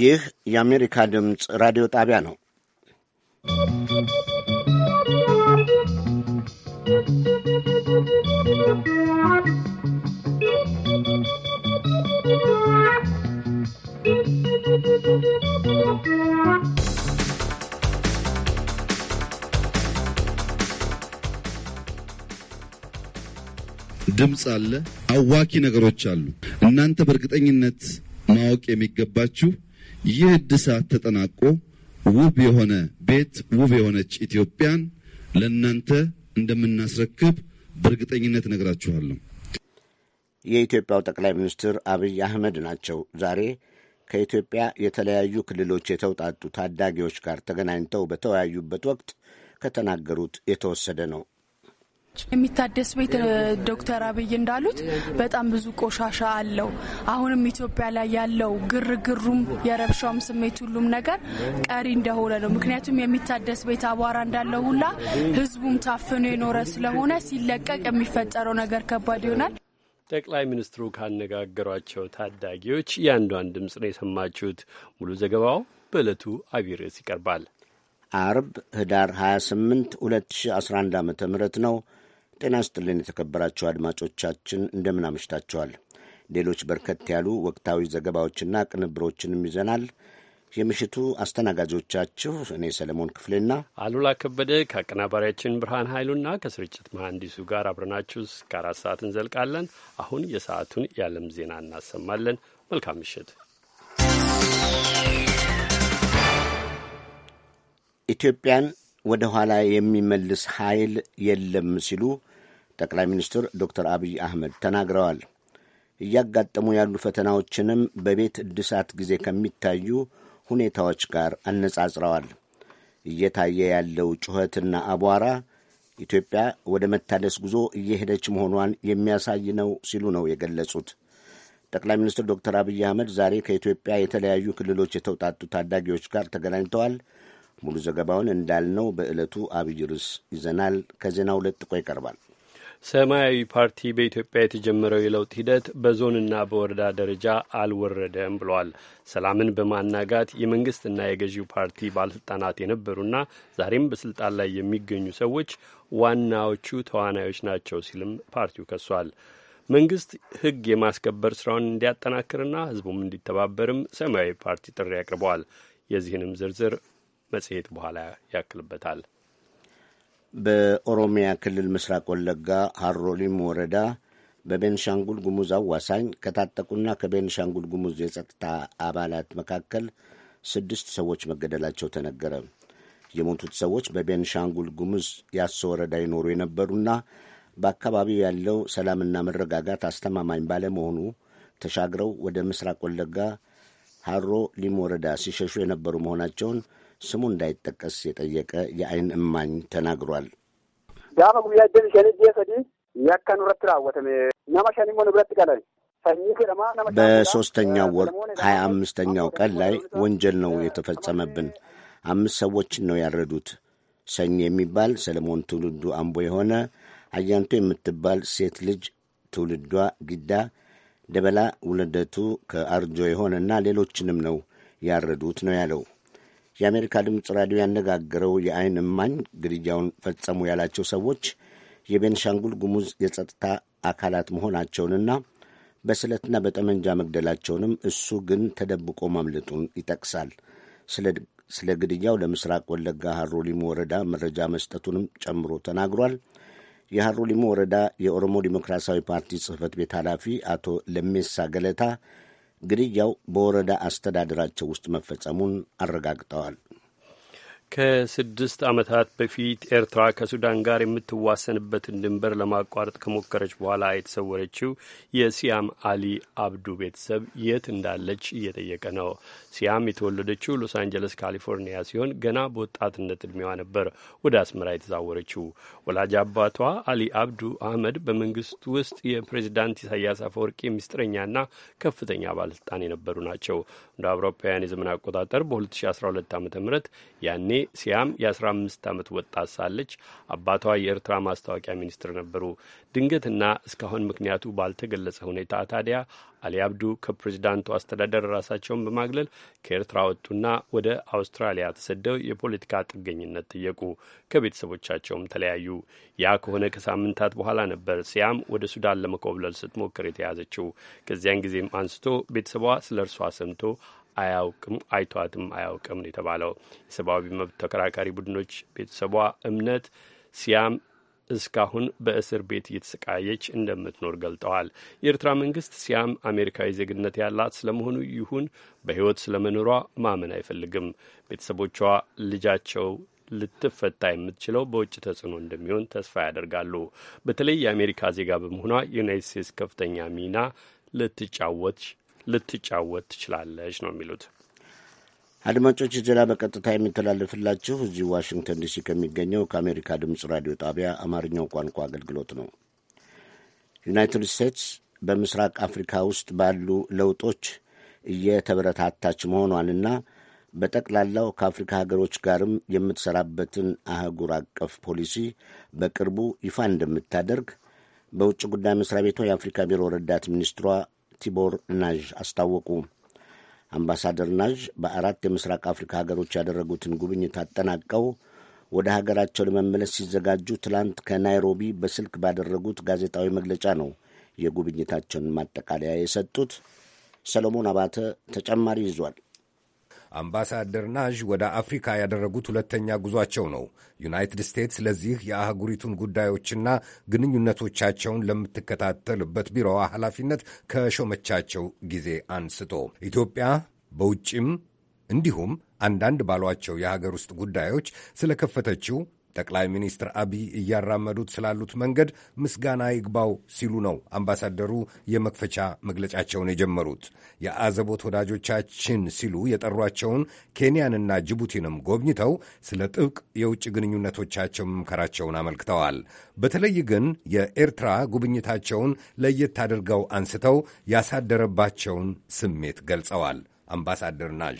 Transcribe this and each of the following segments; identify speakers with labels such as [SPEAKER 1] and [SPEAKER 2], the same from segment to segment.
[SPEAKER 1] ይህ የአሜሪካ ድምፅ ራዲዮ ጣቢያ ነው።
[SPEAKER 2] ድምፅ አለ። አዋኪ ነገሮች አሉ። እናንተ በእርግጠኝነት ማወቅ የሚገባችሁ ይህ እድሳት ተጠናቆ ውብ የሆነ ቤት ውብ የሆነች ኢትዮጵያን ለእናንተ እንደምናስረክብ በእርግጠኝነት ነግራችኋለሁ።
[SPEAKER 1] የኢትዮጵያው ጠቅላይ ሚኒስትር አብይ አህመድ ናቸው ዛሬ ከኢትዮጵያ የተለያዩ ክልሎች የተውጣጡ ታዳጊዎች ጋር ተገናኝተው በተወያዩበት ወቅት ከተናገሩት የተወሰደ
[SPEAKER 3] ነው። የሚታደስ ቤት ዶክተር አብይ እንዳሉት በጣም ብዙ ቆሻሻ አለው። አሁንም ኢትዮጵያ ላይ ያለው ግርግሩም የረብሻውም ስሜት ሁሉም ነገር ቀሪ እንደሆነ ነው። ምክንያቱም የሚታደስ ቤት አቧራ እንዳለው ሁላ ህዝቡም ታፍኖ የኖረ ስለሆነ ሲለቀቅ የሚፈጠረው ነገር ከባድ ይሆናል።
[SPEAKER 4] ጠቅላይ ሚኒስትሩ ካነጋገሯቸው ታዳጊዎች የአንዷን ድምፅ ነው የሰማችሁት። ሙሉ ዘገባው በዕለቱ አቢይ ርዕስ ይቀርባል።
[SPEAKER 1] አርብ ህዳር 28 2011 ዓ ም ነው። ጤና ይስጥልን የተከበራቸው አድማጮቻችን፣ እንደምን አመሽታችኋል? ሌሎች በርከት ያሉ ወቅታዊ ዘገባዎችና ቅንብሮችንም ይዘናል። የምሽቱ አስተናጋጆቻችሁ እኔ ሰለሞን ክፍሌና
[SPEAKER 4] አሉላ ከበደ ከአቀናባሪያችን ብርሃን ኃይሉና ከስርጭት መሐንዲሱ ጋር አብረናችሁ እስከ አራት ሰዓት እንዘልቃለን። አሁን የሰዓቱን የዓለም ዜና እናሰማለን። መልካም ምሽት።
[SPEAKER 1] ኢትዮጵያን ወደ ኋላ የሚመልስ ኃይል የለም ሲሉ ጠቅላይ ሚኒስትር ዶክተር አብይ አህመድ ተናግረዋል። እያጋጠሙ ያሉ ፈተናዎችንም በቤት እድሳት ጊዜ ከሚታዩ ሁኔታዎች ጋር አነጻጽረዋል። እየታየ ያለው ጩኸትና አቧራ ኢትዮጵያ ወደ መታደስ ጉዞ እየሄደች መሆኗን የሚያሳይ ነው ሲሉ ነው የገለጹት። ጠቅላይ ሚኒስትር ዶክተር አብይ አህመድ ዛሬ ከኢትዮጵያ የተለያዩ ክልሎች የተውጣጡ ታዳጊዎች ጋር ተገናኝተዋል። ሙሉ ዘገባውን እንዳልነው በዕለቱ አብይ ርዕስ ይዘናል። ከዜናው ለጥቆ
[SPEAKER 4] ይቀርባል። ሰማያዊ ፓርቲ በኢትዮጵያ የተጀመረው የለውጥ ሂደት በዞንና በወረዳ ደረጃ አልወረደም ብሏል። ሰላምን በማናጋት የመንግስትና የገዢው ፓርቲ ባለስልጣናት የነበሩና ዛሬም በስልጣን ላይ የሚገኙ ሰዎች ዋናዎቹ ተዋናዮች ናቸው ሲልም ፓርቲው ከሷል። መንግስት ሕግ የማስከበር ስራውን እንዲያጠናክርና ህዝቡም እንዲተባበርም ሰማያዊ ፓርቲ ጥሪ አቅርበዋል። የዚህንም ዝርዝር መጽሔት በኋላ ያክልበታል።
[SPEAKER 1] በኦሮሚያ ክልል ምስራቅ ወለጋ ሀሮሊም ወረዳ በቤንሻንጉል ጉሙዝ አዋሳኝ ከታጠቁና ከቤንሻንጉል ጉሙዝ የጸጥታ አባላት መካከል ስድስት ሰዎች መገደላቸው ተነገረ። የሞቱት ሰዎች በቤንሻንጉል ጉሙዝ ያሶ ወረዳ ይኖሩ የነበሩና በአካባቢው ያለው ሰላምና መረጋጋት አስተማማኝ ባለመሆኑ ተሻግረው ወደ ምስራቅ ወለጋ ሀሮ ሊም ወረዳ ሲሸሹ የነበሩ መሆናቸውን ስሙ እንዳይጠቀስ የጠየቀ የአይን እማኝ ተናግሯል።
[SPEAKER 5] ጋፈ ጉያ ሸኒ ዲሰዲ ሸኒ ወር ሀያ
[SPEAKER 1] አምስተኛው ቀን ላይ ወንጀል ነው የተፈጸመብን። አምስት ሰዎችን ነው ያረዱት። ሰኝ የሚባል ሰለሞን ትውልዱ አምቦ የሆነ አያንቶ የምትባል ሴት ልጅ ትውልዷ ጊዳ ደበላ ውለደቱ ከአርጆ የሆነና ሌሎችንም ነው ያረዱት ነው ያለው። የአሜሪካ ድምፅ ራዲዮ ያነጋገረው የአይን እማኝ ግድያውን ፈጸሙ ያላቸው ሰዎች የቤንሻንጉል ጉሙዝ የጸጥታ አካላት መሆናቸውንና በስለትና በጠመንጃ መግደላቸውንም እሱ ግን ተደብቆ ማምለጡን ይጠቅሳል። ስለ ግድያው ለምስራቅ ወለጋ ሀሮ ሊሙ ወረዳ መረጃ መስጠቱንም ጨምሮ ተናግሯል። የሀሮ ሊሙ ወረዳ የኦሮሞ ዲሞክራሲያዊ ፓርቲ ጽህፈት ቤት ኃላፊ አቶ ለሜሳ ገለታ ግድያው በወረዳ አስተዳደራቸው ውስጥ መፈጸሙን አረጋግጠዋል።
[SPEAKER 4] ከስድስት ዓመታት በፊት ኤርትራ ከሱዳን ጋር የምትዋሰንበትን ድንበር ለማቋረጥ ከሞከረች በኋላ የተሰወረችው የሲያም አሊ አብዱ ቤተሰብ የት እንዳለች እየጠየቀ ነው። ሲያም የተወለደችው ሎስ አንጀለስ ካሊፎርኒያ ሲሆን ገና በወጣትነት እድሜዋ ነበር ወደ አስመራ የተዛወረችው። ወላጅ አባቷ አሊ አብዱ አህመድ በመንግስት ውስጥ የፕሬዚዳንት ኢሳያስ አፈወርቂ ሚስጥረኛና ከፍተኛ ባለስልጣን የነበሩ ናቸው። እንደ አውሮፓውያን የዘመን አቆጣጠር በ2012 ዓ ም ያኔ ሲያም የ15 ዓመት ወጣት ሳለች አባቷ የኤርትራ ማስታወቂያ ሚኒስትር ነበሩ። ድንገትና እስካሁን ምክንያቱ ባልተገለጸ ሁኔታ ታዲያ አሊ አብዱ ከፕሬዚዳንቱ አስተዳደር ራሳቸውን በማግለል ከኤርትራ ወጡና ወደ አውስትራሊያ ተሰደው የፖለቲካ ጥገኝነት ጠየቁ። ከቤተሰቦቻቸውም ተለያዩ። ያ ከሆነ ከሳምንታት በኋላ ነበር ሲያም ወደ ሱዳን ለመኮብለል ስትሞክር የተያዘችው። ከዚያን ጊዜም አንስቶ ቤተሰቧ ስለ እርሷ ሰምቶ አያውቅም አይቷትም አያውቅም ነው የተባለው። የሰብአዊ መብት ተከራካሪ ቡድኖች ቤተሰቧ እምነት ሲያም እስካሁን በእስር ቤት እየተሰቃየች እንደምትኖር ገልጠዋል። የኤርትራ መንግስት ሲያም አሜሪካዊ ዜግነት ያላት ስለመሆኑ ይሁን በሕይወት ስለመኖሯ ማመን አይፈልግም። ቤተሰቦቿ ልጃቸው ልትፈታ የምትችለው በውጭ ተጽዕኖ እንደሚሆን ተስፋ ያደርጋሉ። በተለይ የአሜሪካ ዜጋ በመሆኗ ዩናይት ስቴትስ ከፍተኛ ሚና ልትጫወት ልትጫወት ትችላለች ነው የሚሉት።
[SPEAKER 1] አድማጮች ዜና በቀጥታ የሚተላለፍላችሁ እዚህ ዋሽንግተን ዲሲ ከሚገኘው ከአሜሪካ ድምፅ ራዲዮ ጣቢያ አማርኛው ቋንቋ አገልግሎት ነው። ዩናይትድ ስቴትስ በምስራቅ አፍሪካ ውስጥ ባሉ ለውጦች እየተበረታታች መሆኗንና በጠቅላላው ከአፍሪካ ሀገሮች ጋርም የምትሰራበትን አህጉር አቀፍ ፖሊሲ በቅርቡ ይፋ እንደምታደርግ በውጭ ጉዳይ መስሪያ ቤቷ የአፍሪካ ቢሮ ረዳት ሚኒስትሯ ቲቦር ናዥ አስታወቁ። አምባሳደር ናዥ በአራት የምስራቅ አፍሪካ ሀገሮች ያደረጉትን ጉብኝት አጠናቀው ወደ ሀገራቸው ለመመለስ ሲዘጋጁ ትላንት ከናይሮቢ በስልክ ባደረጉት ጋዜጣዊ መግለጫ ነው የጉብኝታቸውን ማጠቃለያ የሰጡት። ሰሎሞን አባተ ተጨማሪ ይዟል።
[SPEAKER 6] አምባሳደር ናዥ ወደ አፍሪካ ያደረጉት ሁለተኛ ጉዟቸው ነው። ዩናይትድ ስቴትስ ለዚህ የአህጉሪቱን ጉዳዮችና ግንኙነቶቻቸውን ለምትከታተልበት ቢሮዋ ኃላፊነት ከሾመቻቸው ጊዜ አንስቶ ኢትዮጵያ በውጭም እንዲሁም አንዳንድ ባሏቸው የሀገር ውስጥ ጉዳዮች ስለከፈተችው ጠቅላይ ሚኒስትር አብይ እያራመዱት ስላሉት መንገድ ምስጋና ይግባው ሲሉ ነው አምባሳደሩ የመክፈቻ መግለጫቸውን የጀመሩት። የአዘቦት ወዳጆቻችን ሲሉ የጠሯቸውን ኬንያንና ጅቡቲንም ጎብኝተው ስለ ጥብቅ የውጭ ግንኙነቶቻቸው መምከራቸውን አመልክተዋል። በተለይ ግን የኤርትራ ጉብኝታቸውን ለየት አድርገው አንስተው ያሳደረባቸውን ስሜት ገልጸዋል። አምባሳደር ናዥ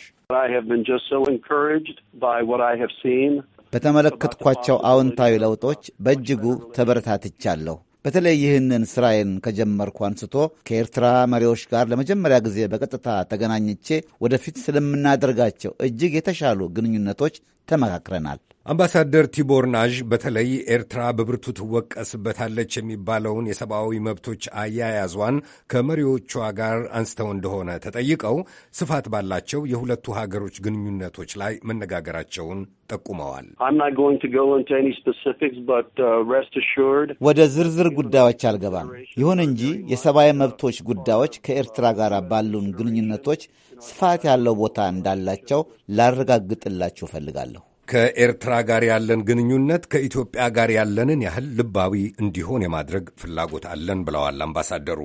[SPEAKER 1] በተመለከትኳቸው አዎንታዊ ለውጦች በእጅጉ ተበረታትቻለሁ። በተለይ ይህንን ስራዬን ከጀመርኩ አንስቶ ከኤርትራ መሪዎች ጋር ለመጀመሪያ ጊዜ በቀጥታ ተገናኝቼ ወደፊት ስለምናደርጋቸው እጅግ የተሻሉ ግንኙነቶች ተመካክረናል።
[SPEAKER 6] አምባሳደር ቲቦር ናዥ በተለይ ኤርትራ በብርቱ ትወቀስበታለች የሚባለውን የሰብአዊ መብቶች አያያዟን ከመሪዎቿ ጋር አንስተው እንደሆነ ተጠይቀው ስፋት ባላቸው የሁለቱ ሀገሮች ግንኙነቶች ላይ መነጋገራቸውን ጠቁመዋል።
[SPEAKER 5] uh,
[SPEAKER 1] ወደ ዝርዝር ጉዳዮች አልገባም። ይሁን እንጂ የሰብአዊ መብቶች ጉዳዮች ከኤርትራ ጋር ባሉን ግንኙነቶች ስፋት ያለው ቦታ እንዳላቸው ላረጋግጥላችሁ እፈልጋለሁ።
[SPEAKER 6] ከኤርትራ ጋር ያለን ግንኙነት ከኢትዮጵያ ጋር ያለንን ያህል ልባዊ እንዲሆን የማድረግ ፍላጎት አለን ብለዋል አምባሳደሩ።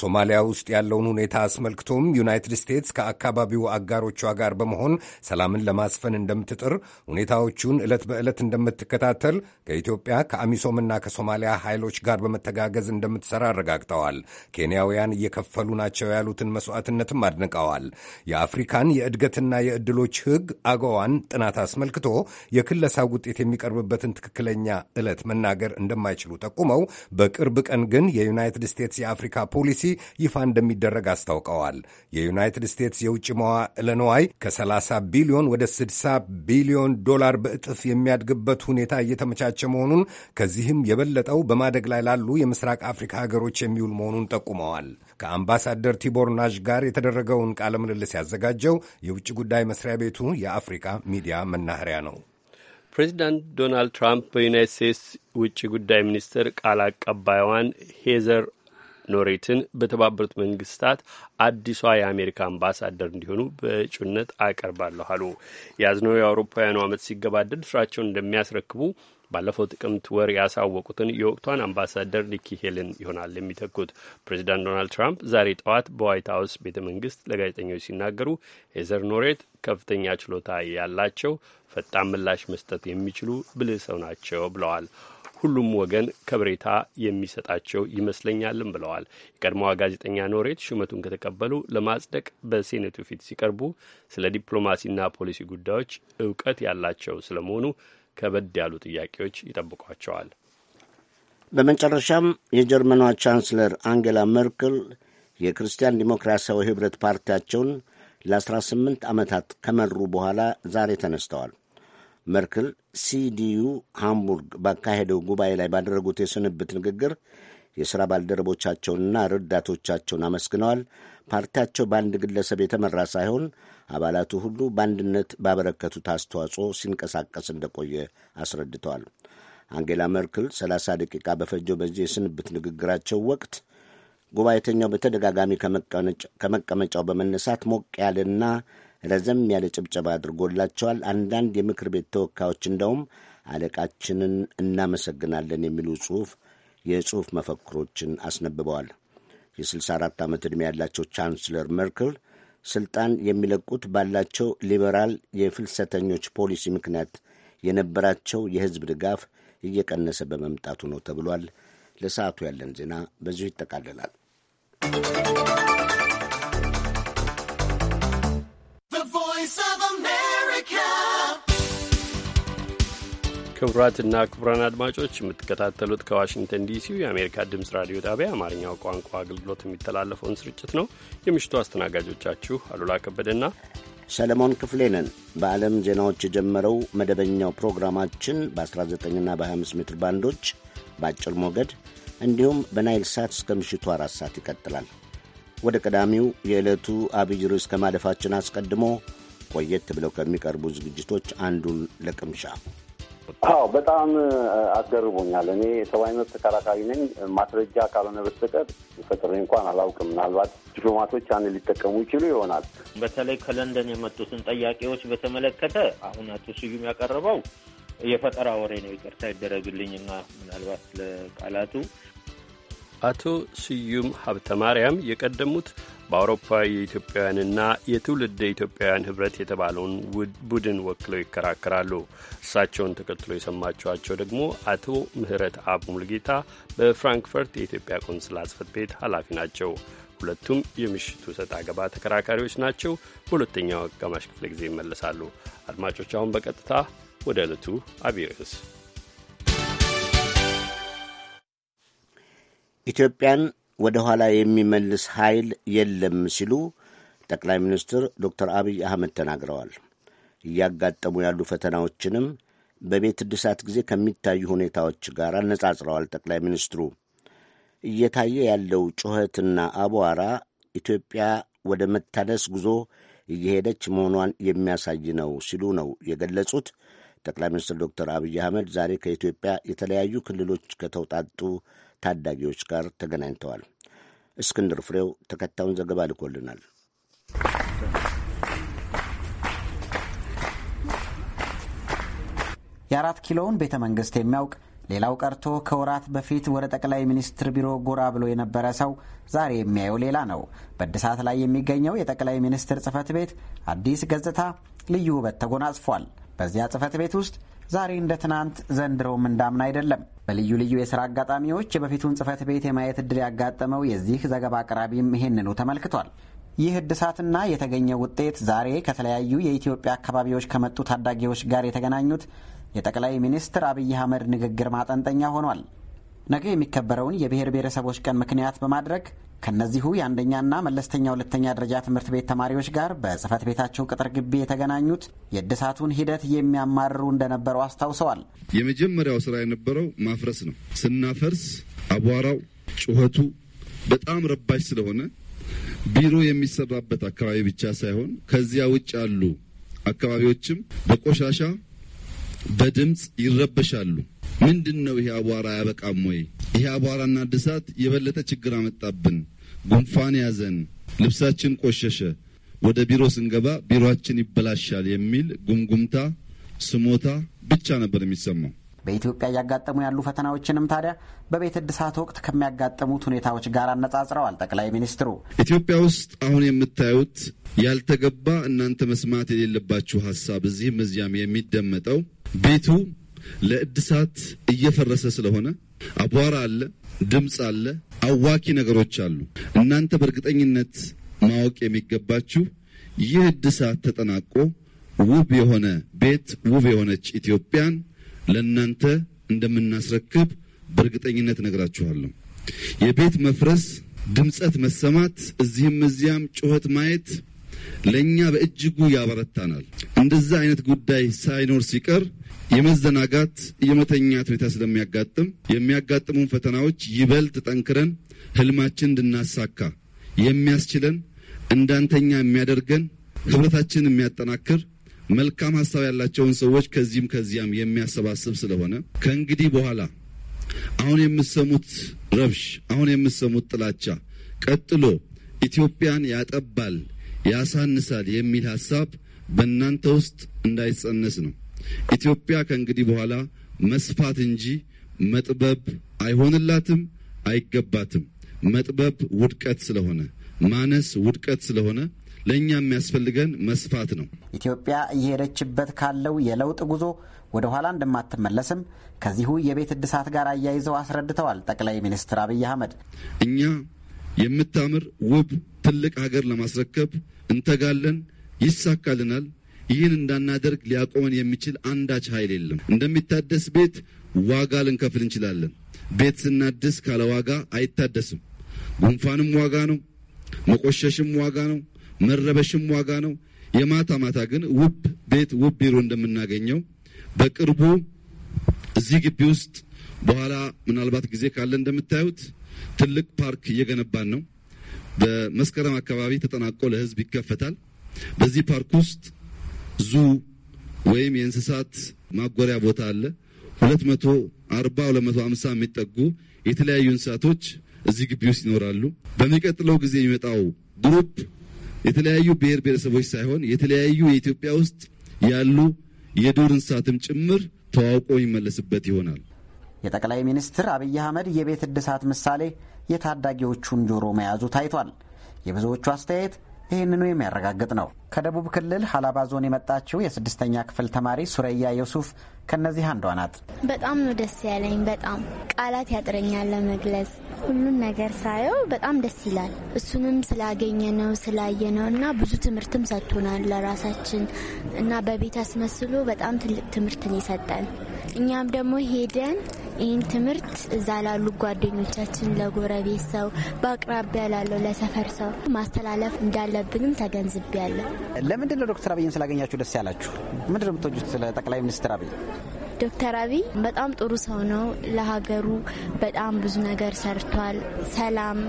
[SPEAKER 6] ሶማሊያ ውስጥ ያለውን ሁኔታ አስመልክቶም ዩናይትድ ስቴትስ ከአካባቢው አጋሮቿ ጋር በመሆን ሰላምን ለማስፈን እንደምትጥር፣ ሁኔታዎቹን ዕለት በዕለት እንደምትከታተል፣ ከኢትዮጵያ ከአሚሶምና ከሶማሊያ ኃይሎች ጋር በመተጋገዝ እንደምትሰራ አረጋግጠዋል። ኬንያውያን እየከፈሉ ናቸው ያሉትን መስዋዕትነትም አድንቀዋል። የአፍሪካን የእድገትና የዕድሎች ሕግ አገዋን ጥናት አስመልክቶ የክለሳ ውጤት የሚቀርብበትን ትክክለኛ ዕለት መናገር እንደማይችሉ ጠቁመው በቅርብ ቀን ግን የዩናይትድ ስቴትስ የአፍሪካ ፖሊሲ ይፋ እንደሚደረግ አስታውቀዋል። የዩናይትድ ስቴትስ የውጭ መዋዕለ ንዋይ ከ30 ቢሊዮን ወደ 60 ቢሊዮን ዶላር በእጥፍ የሚያድግበት ሁኔታ እየተመቻቸ መሆኑን ከዚህም የበለጠው በማደግ ላይ ላሉ የምስራቅ አፍሪካ ሀገሮች የሚውል መሆኑን ጠቁመዋል። ከአምባሳደር ቲቦር ናዥ ጋር የተደረገውን ቃለ ምልልስ ያዘጋጀው የውጭ ጉዳይ መስሪያ ቤቱ የአፍሪካ ሚዲያ መናኸሪያ ነው።
[SPEAKER 4] ፕሬዚዳንት ዶናልድ ትራምፕ በዩናይት ስቴትስ ውጭ ጉዳይ ሚኒስትር ቃል አቀባይዋን ሄዘር ኖሬትን በተባበሩት መንግስታት አዲሷ የአሜሪካ አምባሳደር እንዲሆኑ በእጩነት አቀርባለሁ አሉ። የያዝነው የአውሮፓውያኑ ዓመት ሲገባደድ ስራቸውን እንደሚያስረክቡ ባለፈው ጥቅምት ወር ያሳወቁትን የወቅቷን አምባሳደር ኒኪ ሄልን ይሆናል የሚተኩት። ፕሬዚዳንት ዶናልድ ትራምፕ ዛሬ ጠዋት በዋይት ሀውስ ቤተ መንግስት ለጋዜጠኞች ሲናገሩ ሄዘር ኖሬት ከፍተኛ ችሎታ ያላቸው፣ ፈጣን ምላሽ መስጠት የሚችሉ ብልህ ሰው ናቸው ብለዋል። ሁሉም ወገን ከብሬታ የሚሰጣቸው ይመስለኛልም ብለዋል። የቀድሞዋ ጋዜጠኛ ኖሬት ሹመቱን ከተቀበሉ ለማጽደቅ በሴኔቱ ፊት ሲቀርቡ ስለ ዲፕሎማሲና ፖሊሲ ጉዳዮች እውቀት ያላቸው ስለመሆኑ ከበድ ያሉ ጥያቄዎች ይጠብቋቸዋል።
[SPEAKER 1] በመጨረሻም የጀርመኗ ቻንስለር አንጌላ መርክል የክርስቲያን ዲሞክራሲያዊ ህብረት ፓርቲያቸውን ለ18 ዓመታት ከመሩ በኋላ ዛሬ ተነስተዋል። መርክል ሲዲዩ ሃምቡርግ ባካሄደው ጉባኤ ላይ ባደረጉት የስንብት ንግግር የሥራ ባልደረቦቻቸውንና ረዳቶቻቸውን አመስግነዋል። ፓርቲያቸው በአንድ ግለሰብ የተመራ ሳይሆን አባላቱ ሁሉ በአንድነት ባበረከቱት አስተዋጽኦ ሲንቀሳቀስ እንደቆየ አስረድተዋል። አንጌላ መርክል 30 ደቂቃ በፈጀው በዚህ የስንብት ንግግራቸው ወቅት ጉባኤተኛው በተደጋጋሚ ከመቀመጫው በመነሳት ሞቅ ያለና ረዘም ያለ ጭብጨባ አድርጎላቸዋል። አንዳንድ የምክር ቤት ተወካዮች እንደውም አለቃችንን እናመሰግናለን የሚሉ ጽሑፍ የጽሑፍ መፈክሮችን አስነብበዋል። የ64 ዓመት ዕድሜ ያላቸው ቻንስለር ሜርክል ስልጣን የሚለቁት ባላቸው ሊበራል የፍልሰተኞች ፖሊሲ ምክንያት የነበራቸው የሕዝብ ድጋፍ እየቀነሰ በመምጣቱ ነው ተብሏል። ለሰዓቱ ያለን ዜና በዚሁ ይጠቃልላል።
[SPEAKER 4] ክቡራትና ክቡራን አድማጮች የምትከታተሉት ከዋሽንግተን ዲሲ የአሜሪካ ድምፅ ራዲዮ ጣቢያ አማርኛው ቋንቋ አገልግሎት የሚተላለፈውን ስርጭት ነው። የምሽቱ አስተናጋጆቻችሁ አሉላ ከበደና
[SPEAKER 1] ሰለሞን ክፍሌ ነን። በዓለም ዜናዎች የጀመረው መደበኛው ፕሮግራማችን በ19ና በ25 ሜትር ባንዶች በአጭር ሞገድ እንዲሁም በናይል ሳት እስከ ምሽቱ አራት ሰዓት ይቀጥላል። ወደ ቀዳሚው የዕለቱ አብይ ርዕስ ከማለፋችን አስቀድሞ ቆየት ብለው ከሚቀርቡ ዝግጅቶች አንዱን ለቅምሻ
[SPEAKER 5] አዎ በጣም አስገርቦኛል። እኔ የሰብአዊ መብት ተከራካሪ ነኝ። ማስረጃ ካልሆነ በስተቀር ፈጥሬ እንኳን አላውቅም። ምናልባት ዲፕሎማቶች ያን ሊጠቀሙ ይችሉ ይሆናል።
[SPEAKER 7] በተለይ ከለንደን የመጡትን ጥያቄዎች በተመለከተ አሁን አቶ ስዩም ያቀረበው የፈጠራ ወሬ ነው። ይቅርታ ይደረግልኝና ምናልባት ለቃላቱ
[SPEAKER 4] አቶ ስዩም ሀብተ ማርያም የቀደሙት በአውሮፓ የኢትዮጵያውያንና የትውልድ ኢትዮጵያውያን ህብረት የተባለውን ቡድን ወክለው ይከራከራሉ። እርሳቸውን ተከትሎ የሰማችኋቸው ደግሞ አቶ ምህረት አቡ ሙልጌታ በፍራንክፈርት የኢትዮጵያ ቆንስላ ጽፈት ቤት ኃላፊ ናቸው። ሁለቱም የምሽቱ ሰጥ አገባ ተከራካሪዎች ናቸው። በሁለተኛው አጋማሽ ክፍለ ጊዜ ይመለሳሉ። አድማጮች፣ አሁን በቀጥታ ወደ ዕለቱ አብይ ርዕስ
[SPEAKER 1] ኢትዮጵያን ወደ ኋላ የሚመልስ ኃይል የለም ሲሉ ጠቅላይ ሚኒስትር ዶክተር አብይ አህመድ ተናግረዋል። እያጋጠሙ ያሉ ፈተናዎችንም በቤት ዕድሳት ጊዜ ከሚታዩ ሁኔታዎች ጋር አነጻጽረዋል። ጠቅላይ ሚኒስትሩ እየታየ ያለው ጩኸትና አቧራ ኢትዮጵያ ወደ መታደስ ጉዞ እየሄደች መሆኗን የሚያሳይ ነው ሲሉ ነው የገለጹት። ጠቅላይ ሚኒስትር ዶክተር አብይ አህመድ ዛሬ ከኢትዮጵያ የተለያዩ ክልሎች ከተውጣጡ ታዳጊዎች ጋር ተገናኝተዋል። እስክንድር ፍሬው ተከታዩን ዘገባ ልኮልናል።
[SPEAKER 8] የአራት ኪሎውን ቤተ መንግስት የሚያውቅ ሌላው ቀርቶ ከወራት በፊት ወደ ጠቅላይ ሚኒስትር ቢሮ ጎራ ብሎ የነበረ ሰው ዛሬ የሚያየው ሌላ ነው። በእድሳት ላይ የሚገኘው የጠቅላይ ሚኒስትር ጽህፈት ቤት አዲስ ገጽታ ልዩ ውበት ተጎናጽፏል። በዚያ ጽህፈት ቤት ውስጥ ዛሬ እንደ ትናንት ዘንድሮም እንዳምን አይደለም። በልዩ ልዩ የስራ አጋጣሚዎች የበፊቱን ጽህፈት ቤት የማየት እድል ያጋጠመው የዚህ ዘገባ አቅራቢም ይህንኑ ተመልክቷል። ይህ እድሳትና የተገኘው ውጤት ዛሬ ከተለያዩ የኢትዮጵያ አካባቢዎች ከመጡ ታዳጊዎች ጋር የተገናኙት የጠቅላይ ሚኒስትር አብይ አህመድ ንግግር ማጠንጠኛ ሆኗል። ነገ የሚከበረውን የብሔር ብሔረሰቦች ቀን ምክንያት በማድረግ ከእነዚሁ የአንደኛና መለስተኛ ሁለተኛ ደረጃ ትምህርት ቤት ተማሪዎች ጋር በጽህፈት ቤታቸው ቅጥር ግቢ የተገናኙት የእድሳቱን ሂደት የሚያማርሩ እንደነበሩ አስታውሰዋል። የመጀመሪያው ስራ የነበረው ማፍረስ ነው።
[SPEAKER 2] ስናፈርስ አቧራው፣ ጩኸቱ በጣም ረባሽ ስለሆነ ቢሮ የሚሰራበት አካባቢ ብቻ ሳይሆን ከዚያ ውጭ ያሉ አካባቢዎችም በቆሻሻ በድምፅ ይረበሻሉ። ምንድን ነው ይሄ አቧራ አያበቃም ወይ? ይሄ አቧራና እድሳት የበለጠ ችግር አመጣብን። ጉንፋን ያዘን፣ ልብሳችን ቆሸሸ፣ ወደ ቢሮ ስንገባ ቢሮአችን ይበላሻል የሚል
[SPEAKER 8] ጉምጉምታ፣ ስሞታ ብቻ ነበር የሚሰማው። በኢትዮጵያ እያጋጠሙ ያሉ ፈተናዎችንም ታዲያ በቤት እድሳት ወቅት ከሚያጋጥሙት ሁኔታዎች ጋር አነጻጽረዋል ጠቅላይ ሚኒስትሩ።
[SPEAKER 9] ኢትዮጵያ
[SPEAKER 2] ውስጥ አሁን የምታዩት ያልተገባ እናንተ መስማት የሌለባችሁ ሀሳብ እዚህም እዚያም የሚደመጠው ቤቱ ለእድሳት እየፈረሰ ስለሆነ አቧራ አለ፣ ድምፅ አለ፣ አዋኪ ነገሮች አሉ። እናንተ በእርግጠኝነት ማወቅ የሚገባችሁ ይህ እድሳት ተጠናቆ ውብ የሆነ ቤት ውብ የሆነች ኢትዮጵያን ለእናንተ እንደምናስረክብ በእርግጠኝነት ነግራችኋለሁ። የቤት መፍረስ፣ ድምፀት መሰማት፣ እዚህም እዚያም ጩኸት ማየት ለእኛ በእጅጉ ያበረታናል። እንደዛ አይነት ጉዳይ ሳይኖር ሲቀር የመዘናጋት የመተኛት ሁኔታ ስለሚያጋጥም የሚያጋጥሙን ፈተናዎች ይበልጥ ጠንክረን ህልማችን እንድናሳካ የሚያስችለን እንዳንተኛ የሚያደርገን ህብረታችንን የሚያጠናክር መልካም ሀሳብ ያላቸውን ሰዎች ከዚህም ከዚያም የሚያሰባስብ ስለሆነ ከእንግዲህ በኋላ አሁን የምትሰሙት ረብሽ፣ አሁን የምትሰሙት ጥላቻ ቀጥሎ ኢትዮጵያን ያጠባል፣ ያሳንሳል የሚል ሀሳብ በእናንተ ውስጥ እንዳይጸነስ ነው። ኢትዮጵያ ከእንግዲህ በኋላ መስፋት እንጂ መጥበብ አይሆንላትም፣ አይገባትም። መጥበብ ውድቀት ስለሆነ ማነስ
[SPEAKER 8] ውድቀት ስለሆነ ለእኛ የሚያስፈልገን መስፋት ነው። ኢትዮጵያ እየሄደችበት ካለው የለውጥ ጉዞ ወደ ኋላ እንደማትመለስም ከዚሁ የቤት እድሳት ጋር አያይዘው አስረድተዋል ጠቅላይ ሚኒስትር አብይ አህመድ።
[SPEAKER 2] እኛ የምታምር ውብ ትልቅ ሀገር ለማስረከብ እንተጋለን፣ ይሳካልናል። ይህን እንዳናደርግ ሊያቆመን የሚችል አንዳች ኃይል የለም። እንደሚታደስ ቤት ዋጋ ልንከፍል እንችላለን። ቤት ስናድስ ካለ ዋጋ አይታደስም። ጉንፋንም ዋጋ ነው፣ መቆሸሽም ዋጋ ነው፣ መረበሽም ዋጋ ነው። የማታ ማታ ግን ውብ ቤት ውብ ቢሮ እንደምናገኘው በቅርቡ እዚህ ግቢ ውስጥ በኋላ ምናልባት ጊዜ ካለ እንደምታዩት ትልቅ ፓርክ እየገነባን ነው። በመስከረም አካባቢ ተጠናቆ ለሕዝብ ይከፈታል። በዚህ ፓርክ ውስጥ ዙ ወይም የእንስሳት ማጎሪያ ቦታ አለ። ሁለት መቶ አርባ ሁለት መቶ አምሳ የሚጠጉ የተለያዩ እንስሳቶች እዚህ ግቢ ውስጥ ይኖራሉ። በሚቀጥለው ጊዜ የሚመጣው ግሩፕ የተለያዩ ብሔር ብሔረሰቦች ሳይሆን የተለያዩ የኢትዮጵያ ውስጥ ያሉ
[SPEAKER 8] የዱር እንስሳትም ጭምር ተዋውቆ ይመለስበት ይሆናል። የጠቅላይ ሚኒስትር አብይ አህመድ የቤት እድሳት ምሳሌ የታዳጊዎቹን ጆሮ መያዙ ታይቷል። የብዙዎቹ አስተያየት ይህንኑ የሚያረጋግጥ ነው። ከደቡብ ክልል ሀላባ ዞን የመጣችው የስድስተኛ ክፍል ተማሪ ሱረያ ዮሱፍ ከእነዚህ አንዷ ናት።
[SPEAKER 10] በጣም ነው ደስ ያለኝ። በጣም ቃላት ያጥረኛል ለመግለጽ። ሁሉን ነገር ሳየው በጣም ደስ ይላል። እሱንም ስላገኘ ነው ስላየ ነው እና ብዙ ትምህርትም ሰጥቶናል ለራሳችን እና በቤት አስመስሎ በጣም ትልቅ ትምህርትን ይሰጠን እኛም ደግሞ ሄደን ይህን ትምህርት እዛ ላሉ ጓደኞቻችን፣ ለጎረቤት ሰው፣ በአቅራቢያ ላለው ለሰፈር ሰው ማስተላለፍ እንዳለብንም ተገንዝቤያለሁ።
[SPEAKER 8] ለምንድን ነው ዶክተር አብይን ስላገኛችሁ ደስ ያላችሁ? ምንድን ነው የምትወጁት ለጠቅላይ ሚኒስትር አብይ?
[SPEAKER 10] ዶክተር አብይ በጣም ጥሩ ሰው ነው። ለሀገሩ በጣም ብዙ ነገር ሰርቷል። ሰላም፣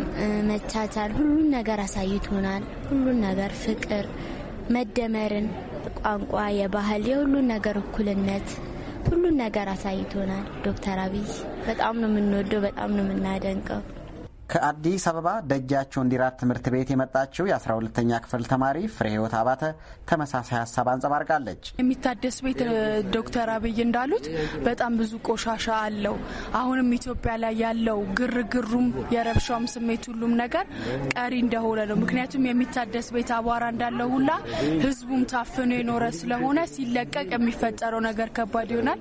[SPEAKER 10] መቻቻል፣ ሁሉን ነገር አሳይቶናል። ሁሉን ነገር ፍቅር፣ መደመርን፣ ቋንቋ፣ የባህል የሁሉን ነገር እኩልነት ሁሉን ነገር አሳይቶናል ዶክተር አብይ። በጣም ነው የምንወደው፣ በጣም ነው የምናደንቀው።
[SPEAKER 8] ከአዲስ አበባ ደጃቸው እንዲራት ትምህርት ቤት የመጣችው የ12ተኛ ክፍል ተማሪ ፍሬ ህይወት አባተ ተመሳሳይ ሀሳብ አንጸባርቃለች።
[SPEAKER 3] የሚታደስ ቤት ዶክተር አብይ እንዳሉት በጣም ብዙ ቆሻሻ አለው። አሁንም ኢትዮጵያ ላይ ያለው ግርግሩም የረብሻውም ስሜት ሁሉም ነገር ቀሪ እንደሆነ ነው። ምክንያቱም የሚታደስ ቤት አቧራ እንዳለው ሁላ ህዝቡም ታፍኖ የኖረ ስለሆነ ሲለቀቅ የሚፈጠረው ነገር ከባድ ይሆናል።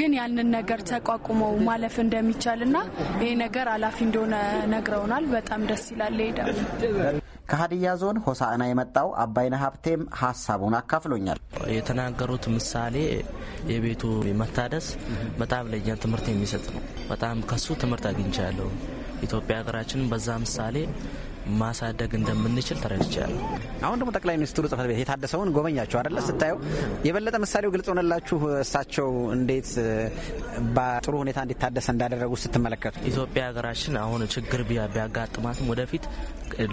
[SPEAKER 3] ግን ያንን ነገር ተቋቁመው ማለፍ እንደሚቻልና ይህ ነገር አላፊ እንደሆነ ነግረውናል። በጣም ደስ ይላል። ይሄዳል።
[SPEAKER 8] ከሀዲያ ዞን ሆሳዕና የመጣው አባይነ ሀብቴም ሀሳቡን አካፍሎኛል።
[SPEAKER 11] የተናገሩት
[SPEAKER 7] ምሳሌ የቤቱ መታደስ በጣም ለኛ ትምህርት የሚሰጥ ነው። በጣም ከሱ ትምህርት አግኝቻለሁ። ኢትዮጵያ ሀገራችን በዛ ምሳሌ ማሳደግ እንደምንችል
[SPEAKER 8] ተረድቻለሁ። አሁን ደግሞ ጠቅላይ ሚኒስትሩ ጽህፈት ቤት የታደሰውን ጎበኛችሁ አደለ? ስታየው የበለጠ ምሳሌው ግልጽ ሆነላችሁ። እሳቸው እንዴት በጥሩ ሁኔታ እንዲታደሰ እንዳደረጉ ስትመለከቱ
[SPEAKER 7] ኢትዮጵያ ሀገራችን አሁን ችግር ቢያጋጥማትም ወደፊት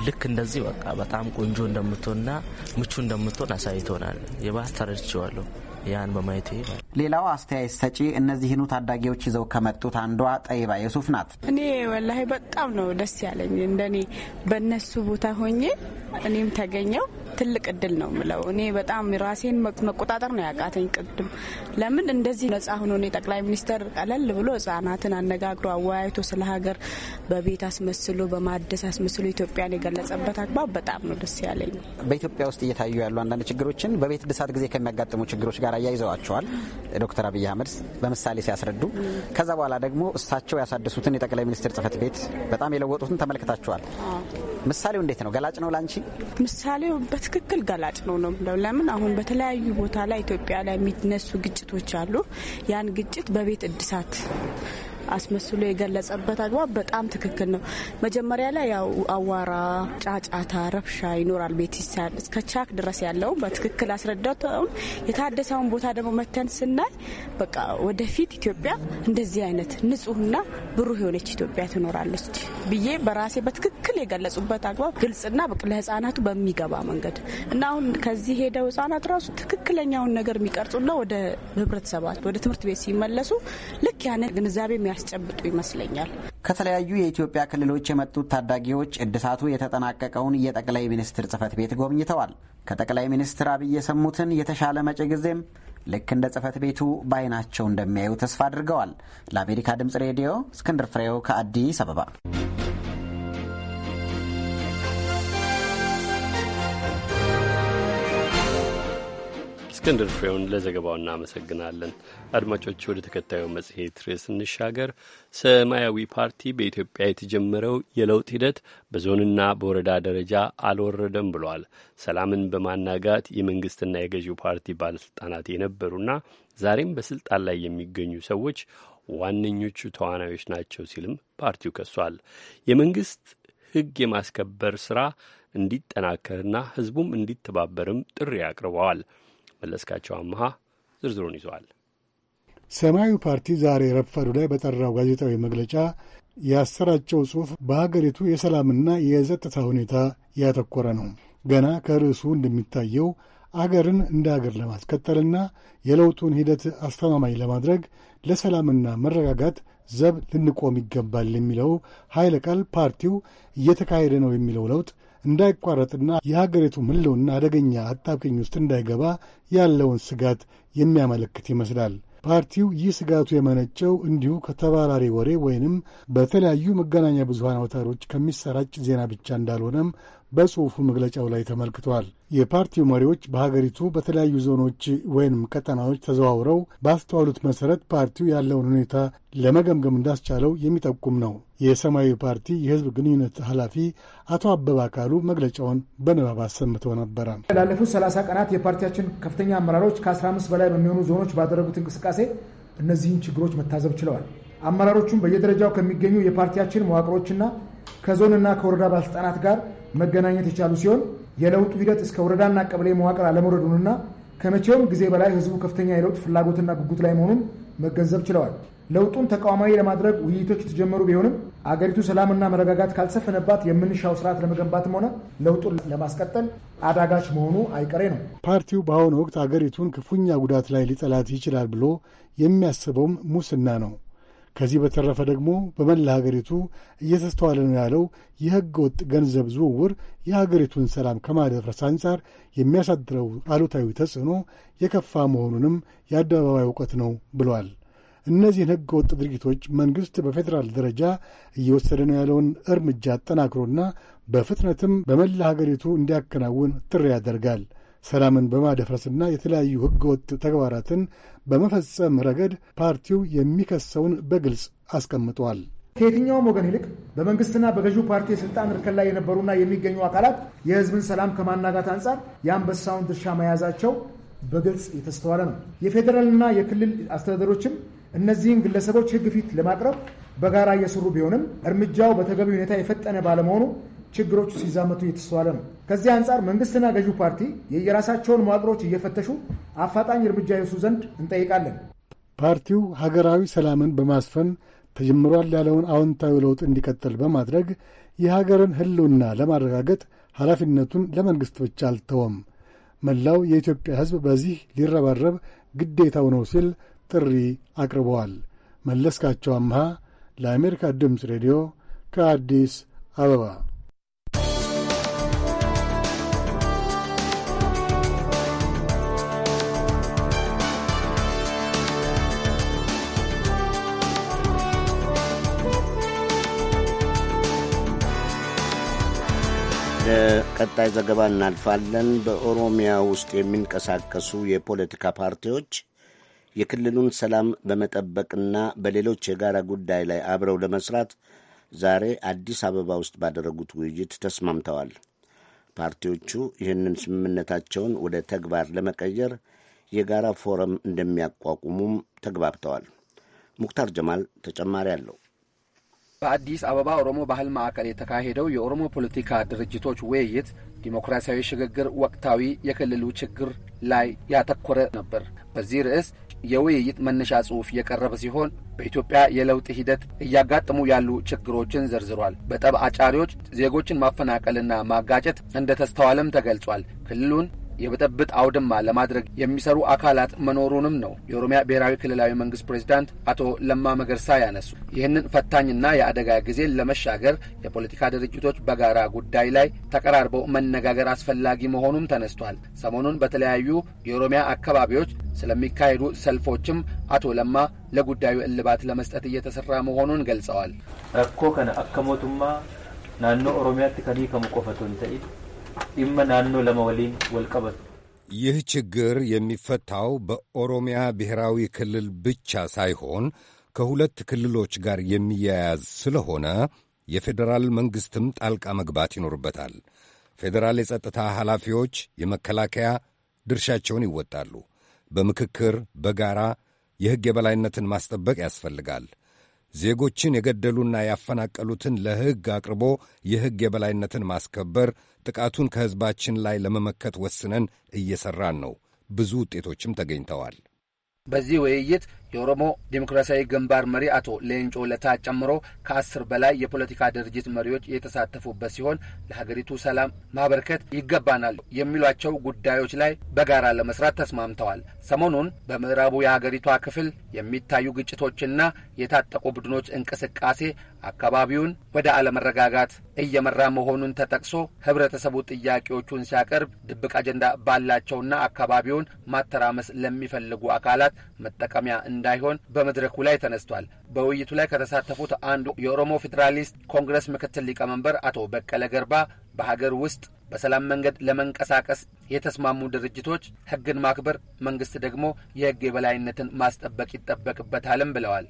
[SPEAKER 7] ልክ እንደዚህ በቃ በጣም ቆንጆ እንደምትሆንና ምቹ እንደምትሆን አሳይቶናል። የባስ ተረድቼዋለሁ።
[SPEAKER 8] ያን በማየት ሌላው አስተያየት ሰጪ እነዚህኑ ታዳጊዎች ይዘው ከመጡት አንዷ ጠይባ የሱፍ ናት።
[SPEAKER 3] እኔ ወላሂ በጣም ነው ደስ ያለኝ እንደኔ በእነሱ ቦታ ሆኜ እኔም ተገኘው ትልቅ እድል ነው ምለው እኔ በጣም ራሴን መቆጣጠር ነው ያቃተኝ። ቅድም ለምን እንደዚህ ነጻ ሆኖ እኔ ጠቅላይ ሚኒስተር ቀለል ብሎ ህጻናትን አነጋግሮ አወያይቶ ስለ ሀገር በቤት አስመስሎ በማደስ አስመስሎ ኢትዮጵያን የገለጸበት አግባብ በጣም ነው ደስ ያለኝ።
[SPEAKER 8] በኢትዮጵያ ውስጥ እየታዩ ያሉ አንዳንድ ችግሮችን በቤት እድሳት ጊዜ ከሚያጋጥሙ ችግሮች ጋር አያይዘዋቸዋል ዶክተር አብይ አህመድ በምሳሌ ሲያስረዱ። ከዛ በኋላ ደግሞ እሳቸው ያሳደሱትን የጠቅላይ ሚኒስትር ጽህፈት ቤት በጣም የለወጡትን ተመልክታቸዋል። ምሳሌው እንዴት ነው? ገላጭ ነው ላንቺ
[SPEAKER 3] ምሳሌው በት በትክክል ገላጭ ነው ነው ብለው ለምን አሁን በተለያዩ ቦታ ላይ ኢትዮጵያ ላይ የሚነሱ ግጭቶች አሉ። ያን ግጭት በቤት እድሳት አስመስሎ የገለጸበት አግባብ በጣም ትክክል ነው። መጀመሪያ ላይ ያው አዋራ፣ ጫጫታ፣ ረብሻ ይኖራል ቤት ይሳል እስከ ቻክ ድረስ ያለው በትክክል አስረዳተውን የታደሰውን ቦታ ደግሞ መተን ስናይ በቃ ወደፊት ኢትዮጵያ እንደዚህ አይነት ንጹህና ብሩህ የሆነች ኢትዮጵያ ትኖራለች ብዬ በራሴ በትክክል የገለጹበት አግባብ ግልጽና ለህጻናቱ በሚገባ መንገድ እና አሁን ከዚህ ሄደው ህጻናት ራሱ ትክክለኛውን ነገር የሚቀርጹና ወደ ህብረተሰባት ወደ ትምህርት ቤት ሲመለሱ ልክ ያንን ግንዛቤ የሚያስጨብጡ ይመስለኛል።
[SPEAKER 8] ከተለያዩ የኢትዮጵያ ክልሎች የመጡት ታዳጊዎች እድሳቱ የተጠናቀቀውን የጠቅላይ ሚኒስትር ጽህፈት ቤት ጎብኝተዋል። ከጠቅላይ ሚኒስትር አብይ የሰሙትን የተሻለ መጪ ጊዜም ልክ እንደ ጽህፈት ቤቱ በአይናቸው እንደሚያዩ ተስፋ አድርገዋል። ለአሜሪካ ድምጽ ሬዲዮ እስክንድር ፍሬው ከአዲስ አበባ
[SPEAKER 4] እስክንድር ፍሬውን ለዘገባው እናመሰግናለን። አድማጮች ወደ ተከታዩ መጽሔት ርዕስ እንሻገር። ሰማያዊ ፓርቲ በኢትዮጵያ የተጀመረው የለውጥ ሂደት በዞንና በወረዳ ደረጃ አልወረደም ብሏል። ሰላምን በማናጋት የመንግስትና የገዢው ፓርቲ ባለስልጣናት የነበሩና ዛሬም በስልጣን ላይ የሚገኙ ሰዎች ዋነኞቹ ተዋናዮች ናቸው ሲልም ፓርቲው ከሷል። የመንግስት ህግ የማስከበር ስራ እንዲጠናከርና ህዝቡም እንዲተባበርም ጥሪ አቅርበዋል። መለስካቸው አመሃ ዝርዝሩን ይዘዋል።
[SPEAKER 12] ሰማያዊ ፓርቲ ዛሬ ረፈዱ ላይ በጠራው ጋዜጣዊ መግለጫ ያሰራጨው ጽሑፍ በሀገሪቱ የሰላምና የጸጥታ ሁኔታ ያተኮረ ነው። ገና ከርዕሱ እንደሚታየው አገርን እንደ አገር ለማስቀጠልና የለውጡን ሂደት አስተማማኝ ለማድረግ ለሰላምና መረጋጋት ዘብ ልንቆም ይገባል የሚለው ኃይለ ቃል ፓርቲው እየተካሄደ ነው የሚለው ለውጥ እንዳይቋረጥና የሀገሪቱ ምለውና አደገኛ አጣብቅኝ ውስጥ እንዳይገባ ያለውን ስጋት የሚያመለክት ይመስላል። ፓርቲው ይህ ስጋቱ የመነጨው እንዲሁ ከተባራሪ ወሬ ወይንም በተለያዩ መገናኛ ብዙኃን አውታሮች ከሚሰራጭ ዜና ብቻ እንዳልሆነም በጽሑፉ መግለጫው ላይ ተመልክቷል። የፓርቲው መሪዎች በሀገሪቱ በተለያዩ ዞኖች ወይንም ቀጠናዎች ተዘዋውረው ባስተዋሉት መሠረት ፓርቲው ያለውን ሁኔታ ለመገምገም እንዳስቻለው የሚጠቁም ነው። የሰማያዊ ፓርቲ የህዝብ ግንኙነት ኃላፊ አቶ አበባ አካሉ መግለጫውን በንባብ አሰምተው ነበረ።
[SPEAKER 11] ላለፉት 30 ቀናት የፓርቲያችን ከፍተኛ አመራሮች ከ15 በላይ በሚሆኑ ዞኖች ባደረጉት እንቅስቃሴ እነዚህን ችግሮች መታዘብ ችለዋል። አመራሮቹም በየደረጃው ከሚገኙ የፓርቲያችን መዋቅሮችና ከዞንና ከወረዳ ባለስልጣናት ጋር መገናኘት የቻሉ ሲሆን የለውጡ ሂደት እስከ ወረዳና ቀበሌ መዋቅር አለመውረዱንና ከመቼውም ጊዜ በላይ ህዝቡ ከፍተኛ የለውጥ ፍላጎትና ጉጉት ላይ መሆኑን መገንዘብ ችለዋል። ለውጡን ተቋማዊ ለማድረግ ውይይቶች የተጀመሩ ቢሆንም አገሪቱ ሰላምና መረጋጋት ካልሰፈነባት የምንሻው ስርዓት ለመገንባትም ሆነ ለውጡን
[SPEAKER 12] ለማስቀጠል አዳጋች መሆኑ አይቀሬ ነው። ፓርቲው በአሁኑ ወቅት አገሪቱን ክፉኛ ጉዳት ላይ ሊጠላት ይችላል ብሎ የሚያስበውም ሙስና ነው። ከዚህ በተረፈ ደግሞ በመላ ሀገሪቱ እየተስተዋለ ነው ያለው የሕገ ወጥ ገንዘብ ዝውውር የሀገሪቱን ሰላም ከማደፍረስ አንጻር የሚያሳድረው አሉታዊ ተጽዕኖ የከፋ መሆኑንም የአደባባይ እውቀት ነው ብሏል። እነዚህን ሕገ ወጥ ድርጊቶች መንግሥት በፌዴራል ደረጃ እየወሰደ ነው ያለውን እርምጃ አጠናክሮና በፍጥነትም በመላ ሀገሪቱ እንዲያከናውን ጥሪ ያደርጋል። ሰላምን በማደፍረስና የተለያዩ ሕገወጥ ተግባራትን በመፈጸም ረገድ ፓርቲው የሚከሰውን በግልጽ አስቀምጧል።
[SPEAKER 11] ከየትኛውም ወገን ይልቅ በመንግስትና በገዢው ፓርቲ የስልጣን እርከን ላይ የነበሩና የሚገኙ አካላት የህዝብን ሰላም ከማናጋት አንጻር የአንበሳውን ድርሻ መያዛቸው በግልጽ የተስተዋለ ነው። የፌዴራልና የክልል አስተዳደሮችም እነዚህን ግለሰቦች ሕግ ፊት ለማቅረብ በጋራ እየሰሩ ቢሆንም እርምጃው በተገቢ ሁኔታ የፈጠነ ባለመሆኑ ችግሮቹ ሲዛመቱ እየተስተዋለ ነው። ከዚህ አንጻር መንግስትና ገዢው ፓርቲ የየራሳቸውን መዋቅሮች እየፈተሹ አፋጣኝ እርምጃ ይወስዱ ዘንድ እንጠይቃለን።
[SPEAKER 12] ፓርቲው ሀገራዊ ሰላምን በማስፈን ተጀምሯል ያለውን አዎንታዊ ለውጥ እንዲቀጥል በማድረግ የሀገርን ህልውና ለማረጋገጥ ኃላፊነቱን ለመንግሥት ብቻ አልተወም፣ መላው የኢትዮጵያ ሕዝብ በዚህ ሊረባረብ ግዴታው ነው ሲል ጥሪ አቅርበዋል። መለስካቸው አምሃ ለአሜሪካ ድምፅ ሬዲዮ ከአዲስ አበባ
[SPEAKER 1] ቀጣይ ዘገባ እናልፋለን። በኦሮሚያ ውስጥ የሚንቀሳቀሱ የፖለቲካ ፓርቲዎች የክልሉን ሰላም በመጠበቅና በሌሎች የጋራ ጉዳይ ላይ አብረው ለመስራት ዛሬ አዲስ አበባ ውስጥ ባደረጉት ውይይት ተስማምተዋል። ፓርቲዎቹ ይህንን ስምምነታቸውን ወደ ተግባር ለመቀየር የጋራ ፎረም እንደሚያቋቁሙም ተግባብተዋል። ሙክታር ጀማል ተጨማሪ አለው።
[SPEAKER 13] በአዲስ አበባ ኦሮሞ ባህል ማዕከል የተካሄደው የኦሮሞ ፖለቲካ ድርጅቶች ውይይት ዲሞክራሲያዊ ሽግግር ወቅታዊ የክልሉ ችግር ላይ ያተኮረ ነበር። በዚህ ርዕስ የውይይት መነሻ ጽሑፍ የቀረበ ሲሆን በኢትዮጵያ የለውጥ ሂደት እያጋጠሙ ያሉ ችግሮችን ዘርዝሯል። በጠብ አጫሪዎች ዜጎችን ማፈናቀልና ማጋጨት እንደተስተዋለም ተገልጿል። ክልሉን የብጥብጥ አውድማ ለማድረግ የሚሰሩ አካላት መኖሩንም ነው የኦሮሚያ ብሔራዊ ክልላዊ መንግስት ፕሬዚዳንት አቶ ለማ መገርሳ ያነሱ። ይህንን ፈታኝና የአደጋ ጊዜ ለመሻገር የፖለቲካ ድርጅቶች በጋራ ጉዳይ ላይ ተቀራርበው መነጋገር አስፈላጊ መሆኑም ተነስቷል። ሰሞኑን በተለያዩ የኦሮሚያ አካባቢዎች ስለሚካሄዱ ሰልፎችም አቶ ለማ ለጉዳዩ እልባት ለመስጠት እየተሰራ መሆኑን ገልጸዋል።
[SPEAKER 7] ረኮ ከነ አከሞቱማ
[SPEAKER 13] ናኖ ኦሮሚያት ከኒ ከመቆፈቶን ተኢድ
[SPEAKER 7] dhimma ናኖ ለመወሊን waliin
[SPEAKER 6] ይህ ችግር የሚፈታው በኦሮሚያ ብሔራዊ ክልል ብቻ ሳይሆን ከሁለት ክልሎች ጋር የሚያያዝ ስለሆነ የፌዴራል መንግሥትም ጣልቃ መግባት ይኖርበታል። ፌዴራል የጸጥታ ኃላፊዎች፣ የመከላከያ ድርሻቸውን ይወጣሉ። በምክክር በጋራ የሕግ የበላይነትን ማስጠበቅ ያስፈልጋል። ዜጎችን የገደሉና ያፈናቀሉትን ለሕግ አቅርቦ የሕግ የበላይነትን ማስከበር ጥቃቱን ከህዝባችን ላይ ለመመከት ወስነን እየሰራን ነው። ብዙ ውጤቶችም ተገኝተዋል።
[SPEAKER 13] በዚህ ውይይት የኦሮሞ ዴሞክራሲያዊ ግንባር መሪ አቶ ሌንጮ ለታ ጨምሮ ከአስር በላይ የፖለቲካ ድርጅት መሪዎች የተሳተፉበት ሲሆን ለሀገሪቱ ሰላም ማበርከት ይገባናል የሚሏቸው ጉዳዮች ላይ በጋራ ለመስራት ተስማምተዋል። ሰሞኑን በምዕራቡ የሀገሪቷ ክፍል የሚታዩ ግጭቶችና የታጠቁ ቡድኖች እንቅስቃሴ አካባቢውን ወደ አለመረጋጋት እየመራ መሆኑን ተጠቅሶ ህብረተሰቡ ጥያቄዎቹን ሲያቀርብ ድብቅ አጀንዳ ባላቸውና አካባቢውን ማተራመስ ለሚፈልጉ አካላት መጠቀሚያ እንዳይሆን በመድረኩ ላይ ተነስቷል። በውይይቱ ላይ ከተሳተፉት አንዱ የኦሮሞ ፌዴራሊስት ኮንግረስ ምክትል ሊቀመንበር አቶ በቀለ ገርባ በሀገር ውስጥ በሰላም መንገድ ለመንቀሳቀስ የተስማሙ ድርጅቶች ህግን ማክበር፣ መንግስት ደግሞ የህግ የበላይነትን ማስጠበቅ ይጠበቅበታልም ብለዋል።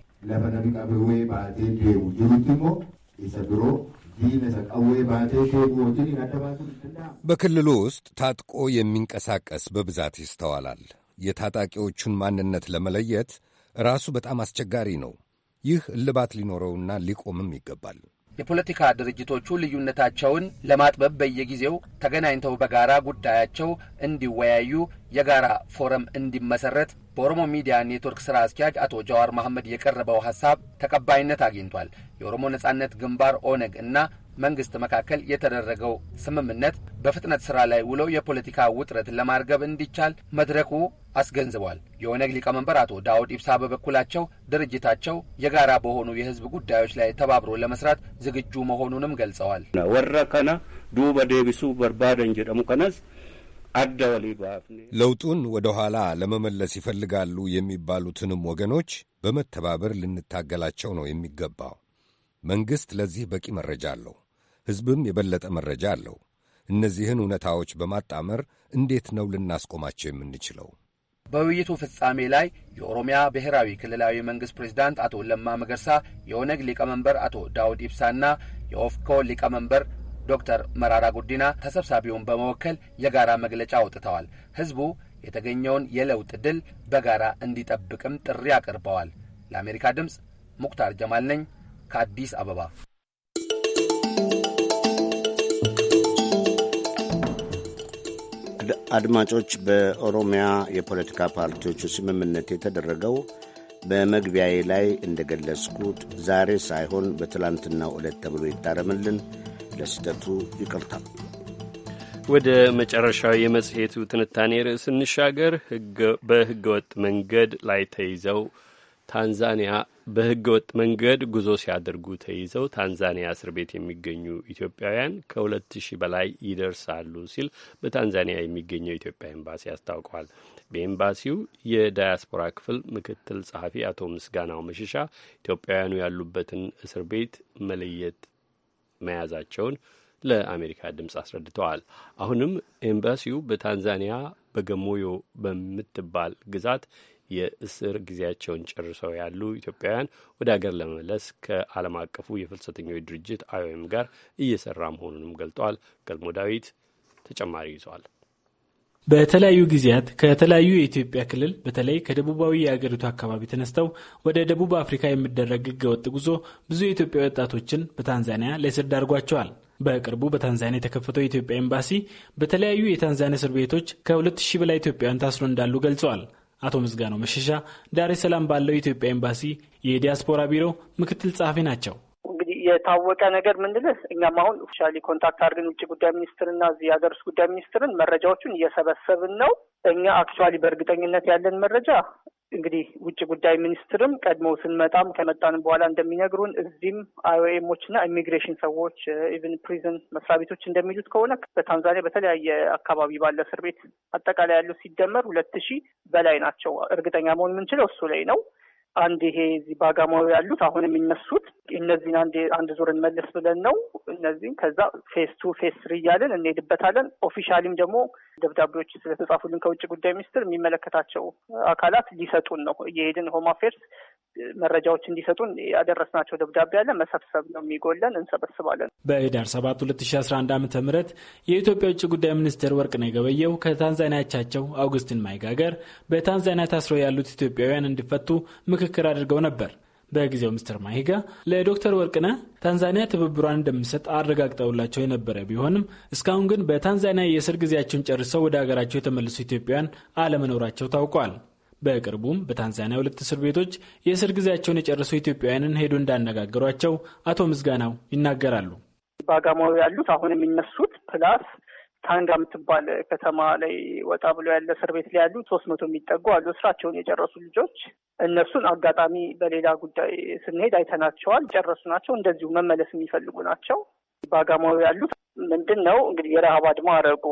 [SPEAKER 6] በክልሉ ውስጥ ታጥቆ የሚንቀሳቀስ በብዛት ይስተዋላል። የታጣቂዎቹን ማንነት ለመለየት ራሱ በጣም አስቸጋሪ ነው። ይህ እልባት ሊኖረውና ሊቆምም ይገባል።
[SPEAKER 13] የፖለቲካ ድርጅቶቹ ልዩነታቸውን ለማጥበብ በየጊዜው ተገናኝተው በጋራ ጉዳያቸው እንዲወያዩ የጋራ ፎረም እንዲመሰረት በኦሮሞ ሚዲያ ኔትወርክ ስራ አስኪያጅ አቶ ጀዋር መሐመድ የቀረበው ሀሳብ ተቀባይነት አግኝቷል። የኦሮሞ ነጻነት ግንባር ኦነግ እና መንግስት መካከል የተደረገው ስምምነት በፍጥነት ስራ ላይ ውለው የፖለቲካ ውጥረት ለማርገብ እንዲቻል መድረኩ አስገንዝቧል። የኦነግ ሊቀመንበር አቶ ዳውድ ኢብሳ በበኩላቸው ድርጅታቸው የጋራ በሆኑ የህዝብ ጉዳዮች ላይ ተባብሮ ለመስራት ዝግጁ መሆኑንም ገልጸዋል። ወረከነ ዱበ ዴቢሱ በርባደን ጀደሙ
[SPEAKER 5] ቀነስ
[SPEAKER 6] ለውጡን ወደ ኋላ ለመመለስ ይፈልጋሉ የሚባሉትንም ወገኖች በመተባበር ልንታገላቸው ነው የሚገባው። መንግሥት ለዚህ በቂ መረጃ አለው። ሕዝብም የበለጠ መረጃ አለው። እነዚህን እውነታዎች በማጣመር እንዴት ነው ልናስቆማቸው የምንችለው?
[SPEAKER 13] በውይይቱ ፍጻሜ ላይ የኦሮሚያ ብሔራዊ ክልላዊ መንግስት ፕሬዚዳንት አቶ ለማ መገርሳ፣ የኦነግ ሊቀመንበር አቶ ዳውድ ኢብሳና የኦፍኮ ሊቀመንበር ዶክተር መራራ ጉዲና ተሰብሳቢውን በመወከል የጋራ መግለጫ አውጥተዋል። ህዝቡ የተገኘውን የለውጥ ድል በጋራ እንዲጠብቅም ጥሪ አቅርበዋል። ለአሜሪካ ድምፅ ሙክታር ጀማል ነኝ ከአዲስ አበባ።
[SPEAKER 1] አድማጮች በኦሮሚያ የፖለቲካ ፓርቲዎቹ ስምምነት የተደረገው በመግቢያዬ ላይ እንደገለጽኩት ዛሬ ሳይሆን በትላንትናው ዕለት ተብሎ ይታረምልን። ለስህተቱ ይቅርታል።
[SPEAKER 4] ወደ መጨረሻው የመጽሔቱ ትንታኔ ርዕስ እንሻገር። በሕገ ወጥ መንገድ ላይ ተይዘው ታንዛኒያ በህገ ወጥ መንገድ ጉዞ ሲያደርጉ ተይዘው ታንዛኒያ እስር ቤት የሚገኙ ኢትዮጵያውያን ከሁለት ሺህ በላይ ይደርሳሉ ሲል በታንዛኒያ የሚገኘው ኢትዮጵያ ኤምባሲ አስታውቋል። በኤምባሲው የዳያስፖራ ክፍል ምክትል ጸሐፊ አቶ ምስጋናው መሸሻ ኢትዮጵያውያኑ ያሉበትን እስር ቤት መለየት መያዛቸውን ለአሜሪካ ድምፅ አስረድተዋል። አሁንም ኤምባሲው በታንዛኒያ በገሞዮ በምትባል ግዛት የእስር ጊዜያቸውን ጨርሰው ያሉ ኢትዮጵያውያን ወደ አገር ለመመለስ ከዓለም አቀፉ የፍልሰተኞች ድርጅት አይኦኤም ጋር እየሰራ መሆኑንም ገልጠዋል። ገልሞ ዳዊት ተጨማሪ ይዘዋል።
[SPEAKER 14] በተለያዩ ጊዜያት ከተለያዩ የኢትዮጵያ ክልል በተለይ ከደቡባዊ የአገሪቱ አካባቢ ተነስተው ወደ ደቡብ አፍሪካ የሚደረግ ህገወጥ ጉዞ ብዙ የኢትዮጵያ ወጣቶችን በታንዛኒያ ለእስር ዳርጓቸዋል። በቅርቡ በታንዛኒያ የተከፈተው የኢትዮጵያ ኤምባሲ በተለያዩ የታንዛኒያ እስር ቤቶች ከ2 በላይ ኢትዮጵያውያን ታስሮ እንዳሉ ገልጸዋል። አቶ ምስጋናው መሸሻ ዳሬ ሰላም ባለው የኢትዮጵያ ኤምባሲ የዲያስፖራ ቢሮ ምክትል ጸሐፊ ናቸው።
[SPEAKER 15] እንግዲህ የታወቀ ነገር ምንድነው? እኛም አሁን ኦፊሻሊ ኮንታክት አድርገን ውጭ ጉዳይ ሚኒስትርና እዚህ የሀገር ውስጥ ጉዳይ ሚኒስትርን መረጃዎቹን እየሰበሰብን ነው። እኛ አክቹዋሊ በእርግጠኝነት ያለን መረጃ እንግዲህ ውጭ ጉዳይ ሚኒስትርም ቀድሞ ስንመጣም ከመጣን በኋላ እንደሚነግሩን እዚህም አይኦኤሞችና ኢሚግሬሽን ሰዎች ኢቨን uh, ፕሪዝን መስሪያ ቤቶች እንደሚሉት ከሆነ በታንዛኒያ በተለያየ አካባቢ ባለ እስር ቤት አጠቃላይ ያሉ ሲደመር ሁለት ሺህ በላይ ናቸው። እርግጠኛ መሆን የምንችለው እሱ ላይ ነው። አንድ ይሄ እዚህ ባጋሞ ያሉት አሁን የሚነሱት እነዚህን አንድ አንድ ዙር እንመልስ ብለን ነው። እነዚህም ከዛ ፌስ ቱ ፌስ ስሪ እያለን እንሄድበታለን። ኦፊሻሊም ደግሞ ደብዳቤዎች ስለተጻፉልን ከውጭ ጉዳይ ሚኒስትር የሚመለከታቸው አካላት ሊሰጡን ነው። እየሄድን ሆም አፌርስ መረጃዎች እንዲሰጡን ያደረስናቸው ደብዳቤ አለ። መሰብሰብ ነው የሚጎለን፣ እንሰበስባለን።
[SPEAKER 14] በህዳር 7 2011 ዓ ም የኢትዮጵያ ውጭ ጉዳይ ሚኒስትር ወርቅነህ ገበየሁ ከታንዛኒያቻቸው አውግስትን ማይጋገር በታንዛኒያ ታስረው ያሉት ኢትዮጵያውያን እንዲፈቱ ምክክር አድርገው ነበር። በጊዜው ሚስተር ማይጋ ለዶክተር ወርቅነህ ታንዛኒያ ትብብሯን እንደምሰጥ አረጋግጠውላቸው የነበረ ቢሆንም እስካሁን ግን በታንዛኒያ የእስር ጊዜያቸውን ጨርሰው ወደ ሀገራቸው የተመለሱ ኢትዮጵያውያን አለመኖራቸው ታውቋል። በቅርቡም በታንዛኒያ ሁለት እስር ቤቶች የእስር ጊዜያቸውን የጨረሱ ኢትዮጵያውያንን ሄዶ እንዳነጋገሯቸው አቶ ምስጋናው ይናገራሉ።
[SPEAKER 15] በአጋማው ያሉት አሁን የሚነሱት ፕላስ ታንጋ የምትባል ከተማ ላይ ወጣ ብሎ ያለ እስር ቤት ላይ ያሉ ሶስት መቶ የሚጠጉ አሉ እስራቸውን የጨረሱ ልጆች። እነሱን አጋጣሚ በሌላ ጉዳይ ስንሄድ አይተናቸዋል። ጨረሱ ናቸው። እንደዚሁ መመለስ የሚፈልጉ ናቸው። ባጋማው ያሉት ምንድን ነው እንግዲህ የረሀብ አድማ አረጉ።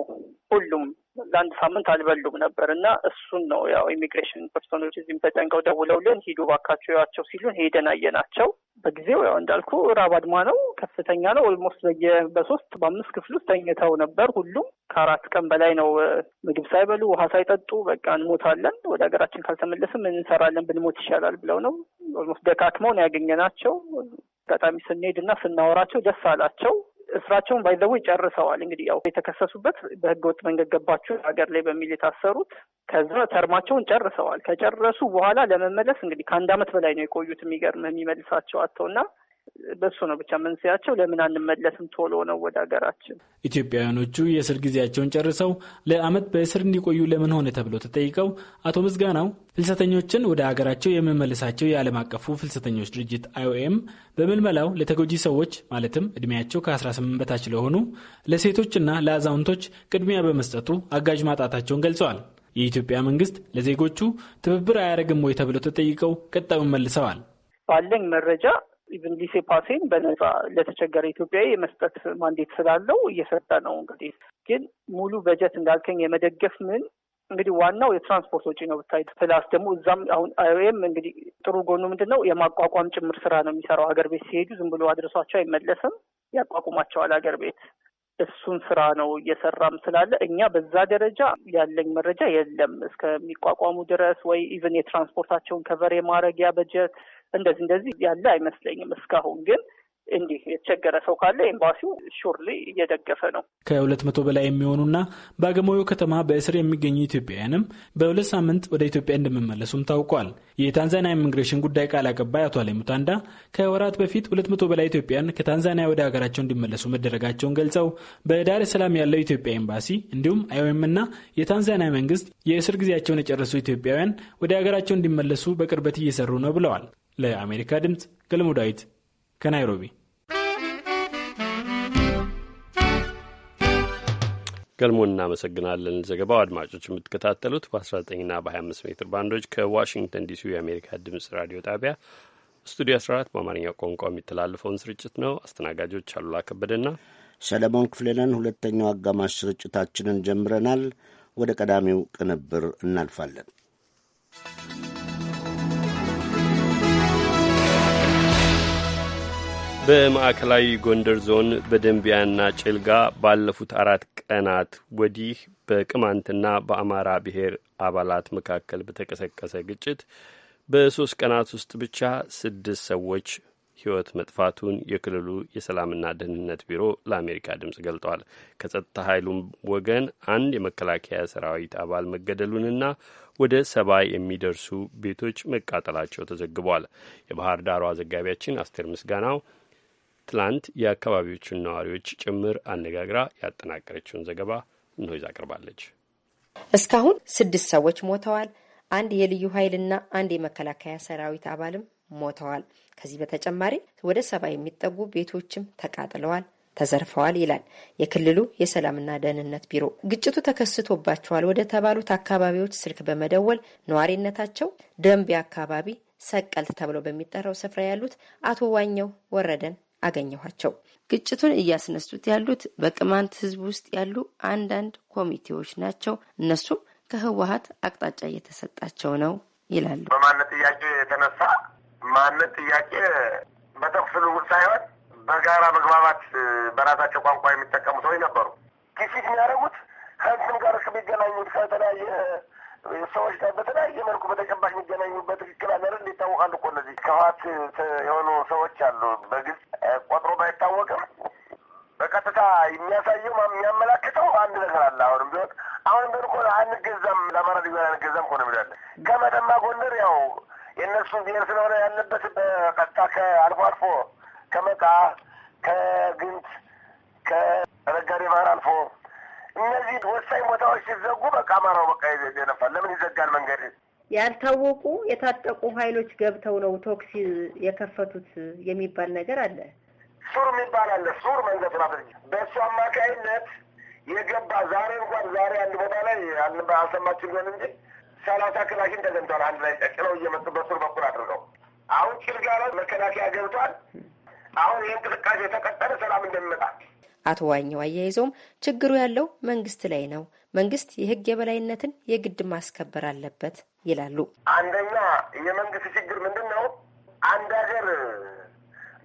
[SPEAKER 15] ሁሉም ለአንድ ሳምንት አልበሉም ነበር እና እሱን ነው ያው ኢሚግሬሽን ፐርሶኖች እዚህም ተጨንቀው ደውለውልን ሂዱ ባካቸው ያቸው ሲሉን ሄደን አየናቸው። በጊዜው ያው እንዳልኩ ረሀብ አድማ ነው፣ ከፍተኛ ነው። ኦልሞስት በየ በሶስት በአምስት ክፍል ውስጥ ተኝተው ነበር። ሁሉም ከአራት ቀን በላይ ነው ምግብ ሳይበሉ ውሃ ሳይጠጡ፣ በቃ እንሞታለን፣ ወደ ሀገራችን ካልተመለስም እንሰራለን፣ ብንሞት ይሻላል ብለው ነው ኦልሞስት ደካክመው ነው ያገኘናቸው። አጋጣሚ ስንሄድና ስናወራቸው ደስ አላቸው። እስራቸውን ባይዘው ጨርሰዋል። እንግዲህ ያው የተከሰሱበት በህገወጥ መንገድ ገባችሁ ሀገር ላይ በሚል የታሰሩት ከዛ ተርማቸውን ጨርሰዋል። ከጨረሱ በኋላ ለመመለስ እንግዲህ ከአንድ ዓመት በላይ ነው የቆዩት። የሚገርም የሚመልሳቸው አጥተው እና በሱ ነው ብቻ መንስያቸው። ለምን አንመለስም ቶሎ ነው ወደ ሀገራችን?
[SPEAKER 14] ኢትዮጵያውያኖቹ የእስር ጊዜያቸውን ጨርሰው ለዓመት በእስር እንዲቆዩ ለምን ሆነ ተብሎ ተጠይቀው አቶ ምስጋናው ፍልሰተኞችን ወደ ሀገራቸው የመመልሳቸው የዓለም አቀፉ ፍልሰተኞች ድርጅት አይኦኤም በምልመላው ለተጎጂ ሰዎች ማለትም እድሜያቸው ከ18 በታች ለሆኑ ለሴቶችና ለአዛውንቶች ቅድሚያ በመስጠቱ አጋዥ ማጣታቸውን ገልጸዋል። የኢትዮጵያ መንግስት ለዜጎቹ ትብብር አያደርግም ወይ ተብለው ተጠይቀው ቀጣዩን መልሰዋል።
[SPEAKER 15] ባለኝ መረጃ ኢቨን ሊሴ ፓሴን በነጻ ለተቸገረ ኢትዮጵያዊ የመስጠት ማንዴት ስላለው እየሰጠ ነው። እንግዲህ ግን ሙሉ በጀት እንዳልከኝ የመደገፍ ምን እንግዲህ ዋናው የትራንስፖርት ወጪ ነው ብታይ፣ ፕላስ ደግሞ እዛም አሁን ወይም እንግዲህ ጥሩ ጎኑ ምንድን ነው የማቋቋም ጭምር ስራ ነው የሚሰራው። ሀገር ቤት ሲሄዱ ዝም ብሎ አድርሷቸው አይመለስም፣ ያቋቁማቸዋል ሀገር ቤት። እሱን ስራ ነው እየሰራም ስላለ እኛ በዛ ደረጃ ያለኝ መረጃ የለም እስከሚቋቋሙ ድረስ ወይ ኢቨን የትራንስፖርታቸውን ከቨር የማረጊያ በጀት እንደዚህ እንደዚህ ያለ አይመስለኝም እስካሁን ግን እንዲህ የተቸገረ ሰው ካለ ኤምባሲው ሹርሊ እየደገፈ ነው።
[SPEAKER 14] ከሁለት መቶ በላይ የሚሆኑና በአገሞዮ ከተማ በእስር የሚገኙ ኢትዮጵያውያንም በሁለት ሳምንት ወደ ኢትዮጵያ እንደሚመለሱም ታውቋል። የታንዛኒያ ኢሚግሬሽን ጉዳይ ቃል አቀባይ አቶ አሌ ሙታንዳ ከወራት በፊት ሁለት መቶ በላይ ኢትዮጵያን ከታንዛኒያ ወደ ሀገራቸው እንዲመለሱ መደረጋቸውን ገልጸው በዳር ሰላም ያለው የኢትዮጵያ ኤምባሲ እንዲሁም አይኦኤም እና የታንዛኒያ መንግስት የእስር ጊዜያቸውን የጨረሱ ኢትዮጵያውያን ወደ ሀገራቸው እንዲመለሱ በቅርበት እየሰሩ ነው ብለዋል። ለአሜሪካ ድምፅ ገልሞ ዳዊት ከናይሮቢ
[SPEAKER 4] ገልሞ እናመሰግናለን ዘገባው። አድማጮች የምትከታተሉት በ19ና በ25 ሜትር ባንዶች ከዋሽንግተን ዲሲ የአሜሪካ ድምፅ ራዲዮ ጣቢያ ስቱዲዮ 14 በአማርኛ ቋንቋ የሚተላለፈውን ስርጭት ነው። አስተናጋጆች አሉላ ከበደና
[SPEAKER 1] ሰለሞን ክፍሌነን። ሁለተኛው አጋማሽ ስርጭታችንን ጀምረናል። ወደ ቀዳሚው ቅንብር እናልፋለን።
[SPEAKER 4] በማዕከላዊ ጎንደር ዞን በደንቢያና ጭልጋ ባለፉት አራት ቀናት ወዲህ በቅማንትና በአማራ ብሔር አባላት መካከል በተቀሰቀሰ ግጭት በሦስት ቀናት ውስጥ ብቻ ስድስት ሰዎች ሕይወት መጥፋቱን የክልሉ የሰላምና ደህንነት ቢሮ ለአሜሪካ ድምፅ ገልጧል። ከጸጥታ ኃይሉም ወገን አንድ የመከላከያ ሰራዊት አባል መገደሉንና ወደ ሰባ የሚደርሱ ቤቶች መቃጠላቸው ተዘግቧል። የባህር ዳሯ ዘጋቢያችን አስቴር ምስጋናው ትላንት የአካባቢዎቹን ነዋሪዎች ጭምር አነጋግራ ያጠናቀረችውን ዘገባ እንሆ ይዛ ቀርባለች።
[SPEAKER 10] እስካሁን ስድስት ሰዎች ሞተዋል። አንድ የልዩ ኃይልና አንድ የመከላከያ ሰራዊት አባልም ሞተዋል። ከዚህ በተጨማሪ ወደ ሰባ የሚጠጉ ቤቶችም ተቃጥለዋል፣ ተዘርፈዋል ይላል የክልሉ የሰላምና ደህንነት ቢሮ። ግጭቱ ተከስቶባቸዋል ወደ ተባሉት አካባቢዎች ስልክ በመደወል ነዋሪነታቸው ደንቢያ አካባቢ ሰቀልት ተብሎ በሚጠራው ስፍራ ያሉት አቶ ዋኘው ወረደን አገኘኋቸው። ግጭቱን እያስነሱት ያሉት በቅማንት ህዝብ ውስጥ ያሉ አንዳንድ ኮሚቴዎች ናቸው። እነሱም ከህወሀት አቅጣጫ እየተሰጣቸው ነው ይላሉ።
[SPEAKER 16] በማንነት ጥያቄ የተነሳ ማንነት ጥያቄ በተኩስ ልውውጥ ሳይሆን በጋራ መግባባት በራሳቸው ቋንቋ የሚጠቀሙ ሰዎች ነበሩ። ግፊት የሚያደርጉት ከእንትን ጋር ከሚገናኙት ከተለያየ ሰዎች ጋር በተለያየ መልኩ በተጨባጭ የሚገናኙበት ትክክል አገር ይታወቃሉ እኮ እነዚህ ክፋት የሆኑ ሰዎች አሉ። በግልጽ ቆጥሮ ባይታወቅም በቀጥታ የሚያሳየው የሚያመላክተው አንድ ነገር አለ። አሁንም ቢሆን አሁንም ቢሆን እኮ አንገዛም፣ ለአማራ ሊሆን አንገዛም እኮ ነው የሚላለ ከመተማ ጎንደር ያው የእነሱ ብሔር ስለሆነ ያለበት በቀጥታ ከአልፎ አልፎ ከመቃ ከግንት ከረጋዴ ባህር አልፎ እነዚህ ወሳኝ ቦታዎች ሲዘጉ በቃ አማራው በቃ ይነፋል። ለምን ይዘጋል መንገድ?
[SPEAKER 10] ያልታወቁ የታጠቁ ኃይሎች ገብተው ነው ቶክሲ የከፈቱት የሚባል ነገር አለ።
[SPEAKER 16] ሱር የሚባል አለ። ሱር መንገድ በእሱ አማካይነት የገባ ዛሬ እንኳን ዛሬ አንድ ቦታ ላይ አልሰማችን ሆን እንጂ ሰላሳ ክላሽን ተገንቷል። አንድ ላይ ጨቅለው እየመጡ በሱር በኩል አድርገው አሁን ጭልጋ ላይ መከላከያ ገብቷል። አሁን ይህ እንቅስቃሴ ተቀጠለ ሰላም
[SPEAKER 10] እንደሚመጣ አቶ ዋኘው አያይዘውም ችግሩ ያለው መንግስት ላይ ነው፣ መንግስት የህግ የበላይነትን የግድ ማስከበር አለበት ይላሉ።
[SPEAKER 16] አንደኛ የመንግስት ችግር ምንድን ነው? አንድ ሀገር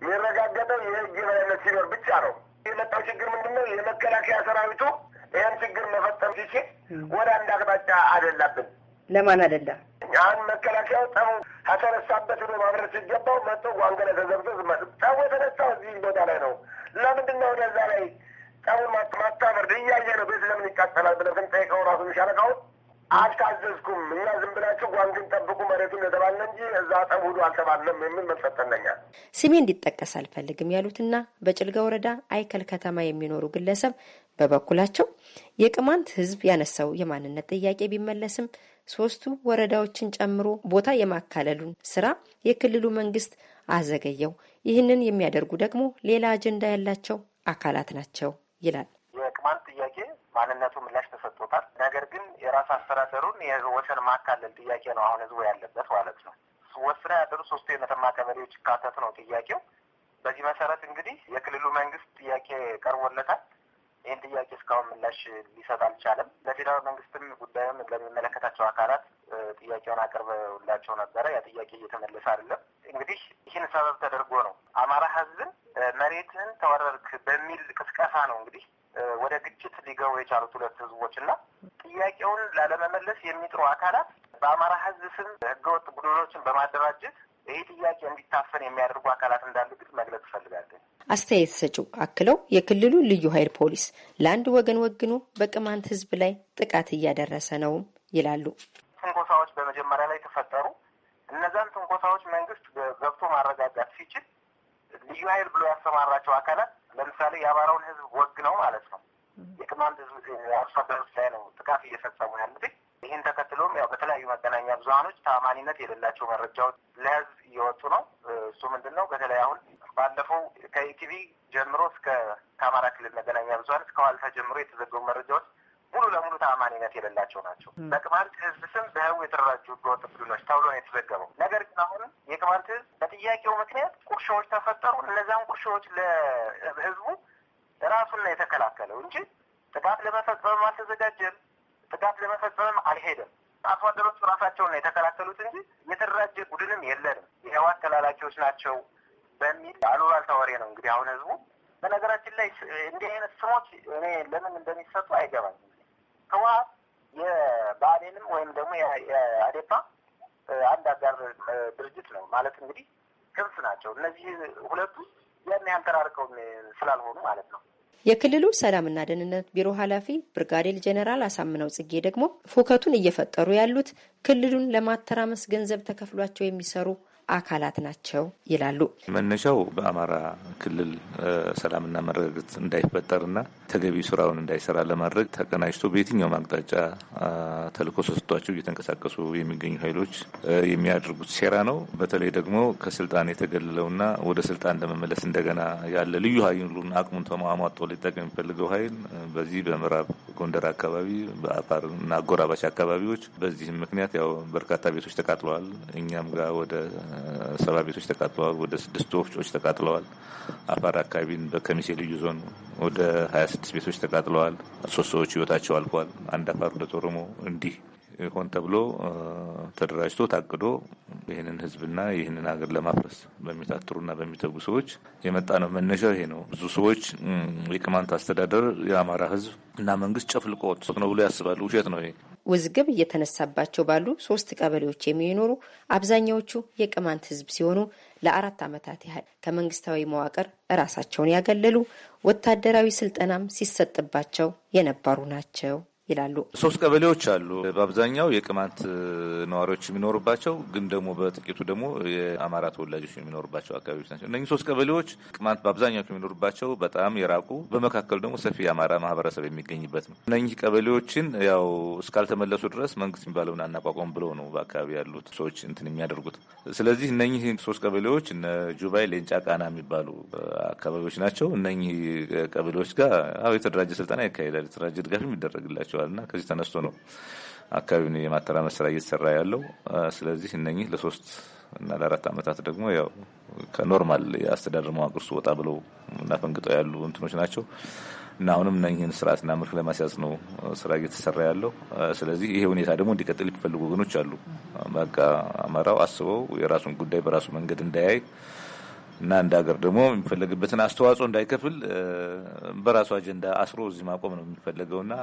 [SPEAKER 16] የሚረጋገጠው የህግ የበላይነት ሲኖር ብቻ ነው። የመጣው ችግር ምንድን ነው? የመከላከያ ሰራዊቱ ይህን ችግር መፈጸም ሲችል ወደ አንድ አቅጣጫ አደላብን። ለማን አደላ? አሁን መከላከያው ጠቡ ከተነሳበት ብሎ ሲገባው መጡ ጓንገላ ተዘብቶ ዝመጡ ጠቡ የተነሳው እዚህ ቦታ ላይ ነው ለምንድን ነው ወደዛ ላይ ጸቡን ማታመር እያየ ነው ቤት ለምን ይቃጠላል ብለህ ስንጠይቀው ራሱ የሚሻለቃው አልታዘዝኩም እኛ ዝም ብላችሁ ጓንግን ጠብቁ መሬቱን የተባለ እንጂ እዛ ጠብ ሁሉ አልተባለም የሚል መሰጠነኛል።
[SPEAKER 10] ስሜ እንዲጠቀስ አልፈልግም ያሉትና በጭልጋ ወረዳ አይከል ከተማ የሚኖሩ ግለሰብ በበኩላቸው የቅማንት ህዝብ ያነሳው የማንነት ጥያቄ ቢመለስም ሶስቱ ወረዳዎችን ጨምሮ ቦታ የማካለሉን ስራ የክልሉ መንግስት አዘገየው ይህንን የሚያደርጉ ደግሞ ሌላ አጀንዳ ያላቸው አካላት ናቸው ይላል።
[SPEAKER 17] የቅማንት ጥያቄ ማንነቱ ምላሽ ተሰጥቶታል። ነገር ግን የራስ አስተዳደሩን የወሰን ማካለል ጥያቄ ነው አሁን ህዝቡ ያለበት ማለት ነው። ወስና ያደሩ ሶስቱ የመተማ ቀበሌዎች ይካተቱ ነው ጥያቄው። በዚህ መሰረት እንግዲህ የክልሉ መንግስት ጥያቄ ቀርቦለታል። ይህን ጥያቄ እስካሁን ምላሽ ሊሰጥ አልቻለም። ለፌዴራል መንግስትም ጉዳዩን ለሚመለከታቸው አካላት ጥያቄውን አቅርበውላቸው ነበረ። ያ ጥያቄ እየተመለሰ አይደለም። እንግዲህ ይህን ሰበብ ተደርጎ ነው አማራ ህዝብን መሬትህን ተወረርክ በሚል ቅስቀሳ ነው እንግዲህ ወደ ግጭት ሊገቡ የቻሉት ሁለት ህዝቦች እና ጥያቄውን ላለመመለስ የሚጥሩ አካላት በአማራ ህዝብ ስም ህገወጥ ቡድኖችን በማደራጀት ይህ ጥያቄ እንዲታፈን የሚያደርጉ አካላት እንዳሉ ግን መግለጽ እፈልጋለሁ።
[SPEAKER 10] አስተያየት ሰጪው አክለው የክልሉ ልዩ ኃይል ፖሊስ ለአንድ ወገን ወግኖ በቅማንት ህዝብ ላይ ጥቃት እያደረሰ ነውም ይላሉ።
[SPEAKER 17] ትንኮሳዎች በመጀመሪያ ላይ ተፈጠሩ። እነዛን ትንኮሳዎች መንግስት ገብቶ ማረጋጋት ሲችል ልዩ ኃይል ብሎ ያሰማራቸው አካላት ለምሳሌ የአማራውን ህዝብ ወግ ነው ማለት ነው የቅማንት ህዝብ አርሶ አደሮች ላይ ነው ጥቃት እየፈጸሙ ያሉት። ይህን ተከትሎም ያው በተለያዩ መገናኛ ብዙሀኖች ታማኒነት የሌላቸው መረጃዎች ለህዝብ እየወጡ ነው። እሱ ምንድን ነው በተለይ አሁን ባለፈው ከኢቲቪ ጀምሮ እስከ ከአማራ ክልል መገናኛ ብዙሀን እስከ ዋልታ ጀምሮ የተዘገቡ መረጃዎች ሙሉ ለሙሉ ተአማኒነት የሌላቸው ናቸው። በቅማንት ህዝብ ስም በህቡ የተደራጁ ህገወጥ ቡድኖች ተብሎ ነው የተዘገበው። ነገር ግን አሁንም የቅማንት ህዝብ በጥያቄው ምክንያት ቁርሾዎች ተፈጠሩ። እነዛን ቁርሾዎች ለህዝቡ ራሱን ነው የተከላከለው እንጂ ጥቃት ለመፈጸምም አልተዘጋጀም። ጥቃት ለመፈጸምም አልሄደም። አርሶ አደሮች ራሳቸውን ነው የተከላከሉት እንጂ የተደራጀ ቡድንም የለንም። የህዋት ተላላኪዎች ናቸው በሚል አሉባልታ ወሬ ነው እንግዲህ አሁን ህዝቡ። በነገራችን ላይ እንዲህ አይነት ስሞች እኔ ለምን እንደሚሰጡ አይገባኝም። ህወሓት የብአዴንም ወይም ደግሞ የአዴፓ አንድ አጋር ድርጅት ነው ማለት እንግዲህ ክንፍ ናቸው። እነዚህ ሁለቱ ያን ያንተራርቀው ስላልሆኑ ማለት ነው።
[SPEAKER 10] የክልሉ ሰላምና ደህንነት ቢሮ ኃላፊ ብርጋዴር ጀኔራል አሳምነው ጽጌ ደግሞ ፉከቱን እየፈጠሩ ያሉት ክልሉን ለማተራመስ ገንዘብ ተከፍሏቸው የሚሰሩ አካላት ናቸው ይላሉ።
[SPEAKER 18] መነሻው በአማራ ክልል ሰላምና መረጋጋት እንዳይፈጠርና ተገቢ ስራውን እንዳይሰራ ለማድረግ ተቀናጅቶ በየትኛውም አቅጣጫ ተልዕኮ ሰስቷቸው እየተንቀሳቀሱ የሚገኙ ኃይሎች የሚያደርጉት ሴራ ነው። በተለይ ደግሞ ከስልጣን የተገለለውና ወደ ስልጣን ለመመለስ እንደገና ያለ ልዩ ኃይሉን አቅሙን ተሟሟጦ ሊጠቀም የሚፈልገው ኃይል በዚህ በምዕራብ ጎንደር አካባቢ በአፋር እና አጎራባች አካባቢዎች በዚህም ምክንያት ያው በርካታ ቤቶች ተቃጥለዋል። እኛም ጋር ወደ ሰባ ቤቶች ተቃጥለዋል። ወደ ስድስት ወፍጮች ተቃጥለዋል። አፋር አካባቢን በከሚሴ ልዩ ዞን ወደ ሀያ ስድስት ቤቶች ተቃጥለዋል። ሶስት ሰዎች ህይወታቸው አልፏል። አንድ አፋር ወደ ኦሮሞ እንዲህ ሆን ተብሎ ተደራጅቶ ታቅዶ ይህንን ህዝብና ይህንን ሀገር ለማፍረስ በሚታትሩና በሚተጉ ሰዎች የመጣ ነው። መነሻ ይሄ ነው። ብዙ ሰዎች የቅማንት አስተዳደር የአማራ ህዝብ እና መንግስት ጨፍልቆት ነው ብሎ ያስባሉ። ውሸት ነው
[SPEAKER 10] ውዝግብ እየተነሳባቸው ባሉ ሶስት ቀበሌዎች የሚኖሩ አብዛኛዎቹ የቅማንት ህዝብ ሲሆኑ ለአራት ዓመታት ያህል ከመንግስታዊ መዋቅር እራሳቸውን ያገለሉ፣ ወታደራዊ ስልጠናም ሲሰጥባቸው የነበሩ ናቸው ይላሉ።
[SPEAKER 18] ሶስት ቀበሌዎች አሉ። በአብዛኛው የቅማንት ነዋሪዎች የሚኖሩባቸው ግን ደግሞ በጥቂቱ ደግሞ የአማራ ተወላጆች የሚኖሩባቸው አካባቢዎች ናቸው። እነዚህ ሶስት ቀበሌዎች ቅማንት በአብዛኛው ከሚኖሩባቸው በጣም የራቁ፣ በመካከሉ ደግሞ ሰፊ የአማራ ማህበረሰብ የሚገኝበት ነው። እነዚህ ቀበሌዎችን ያው እስካልተመለሱ ድረስ መንግስት የሚባለውን አናቋቋም ብለው ነው በአካባቢ ያሉት ሰዎች እንትን የሚያደርጉት። ስለዚህ እነህ ሶስት ቀበሌዎች እነ ጁባይ፣ ሌንጫ፣ ቃና የሚባሉ አካባቢዎች ናቸው። እነህ ቀበሌዎች ጋር የተደራጀ ስልጠና ይካሄዳል። የተደራጀ ድጋፍ የሚደረግላቸው ይችላል እና ከዚህ ተነስቶ ነው አካባቢውን የማተራመስ ስራ እየተሰራ ያለው። ስለዚህ እነኚህ ለሶስት እና ለአራት ዓመታት ደግሞ ያው ከኖርማል የአስተዳደር መዋቅር ውስጥ ወጣ ብለው ፈንግጠው ያሉ እንትኖች ናቸው እና አሁንም እነኝህን ስርዓትና መልክ ለማስያዝ ነው ስራ እየተሰራ ያለው። ስለዚህ ይሄ ሁኔታ ደግሞ እንዲቀጥል የሚፈልጉ ወገኖች አሉ። በቃ አመራው አስበው የራሱን ጉዳይ በራሱ መንገድ እንዳያይ እና እንደ ሀገር ደግሞ የሚፈለግበትን አስተዋጽኦ እንዳይከፍል በራሱ አጀንዳ አስሮ እዚህ ማቆም ነው የሚፈለገው እና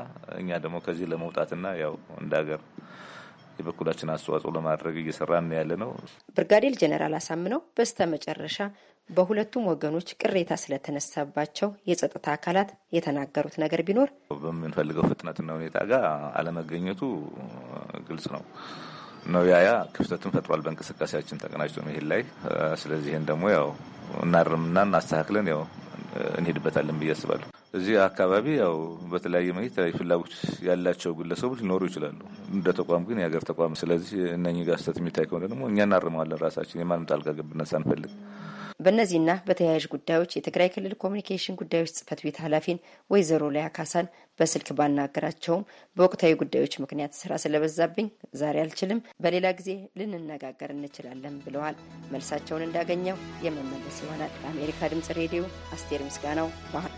[SPEAKER 18] እኛ ደግሞ ከዚህ ለመውጣትና ያው እንደ ሀገር የበኩላችን አስተዋጽኦ ለማድረግ እየሰራን ያለ ነው።
[SPEAKER 10] ብርጋዴር ጀኔራል አሳምነው በስተ መጨረሻ በሁለቱም ወገኖች ቅሬታ ስለተነሳባቸው የጸጥታ አካላት የተናገሩት ነገር ቢኖር
[SPEAKER 18] በምንፈልገው ፍጥነትና ሁኔታ ጋር አለመገኘቱ ግልጽ ነው። ነው። ክፍተቱን ፈጥሯል በእንቅስቃሴያችን ተቀናጅቶ መሄድ ላይ። ስለዚህ ደግሞ ያው እናርምና እናስተካክለን ያው እንሄድበታለን ብዬ አስባለሁ። እዚህ አካባቢ ያው በተለያየ መ የተለያዩ ፍላጎች ያላቸው ግለሰቦች ሊኖሩ ይችላሉ። እንደ ተቋም ግን የሀገር ተቋም ስለዚህ እነኚህ ጋር ስህተት የሚታይ ከሆነ ደግሞ እኛ እናርመዋለን ራሳችን የማንም ጣልቃ ገብነት ሳንፈልግ
[SPEAKER 10] በእነዚህና በተያያዥ ጉዳዮች የትግራይ ክልል ኮሚኒኬሽን ጉዳዮች ጽህፈት ቤት ኃላፊን ወይዘሮ ላያ ካሳን በስልክ ባናገራቸውም በወቅታዊ ጉዳዮች ምክንያት ስራ ስለበዛብኝ ዛሬ አልችልም፣ በሌላ ጊዜ ልንነጋገር እንችላለን ብለዋል። መልሳቸውን እንዳገኘው የመመለስ ይሆናል። ለአሜሪካ ድምጽ ሬዲዮ አስቴር ምስጋናው ባህር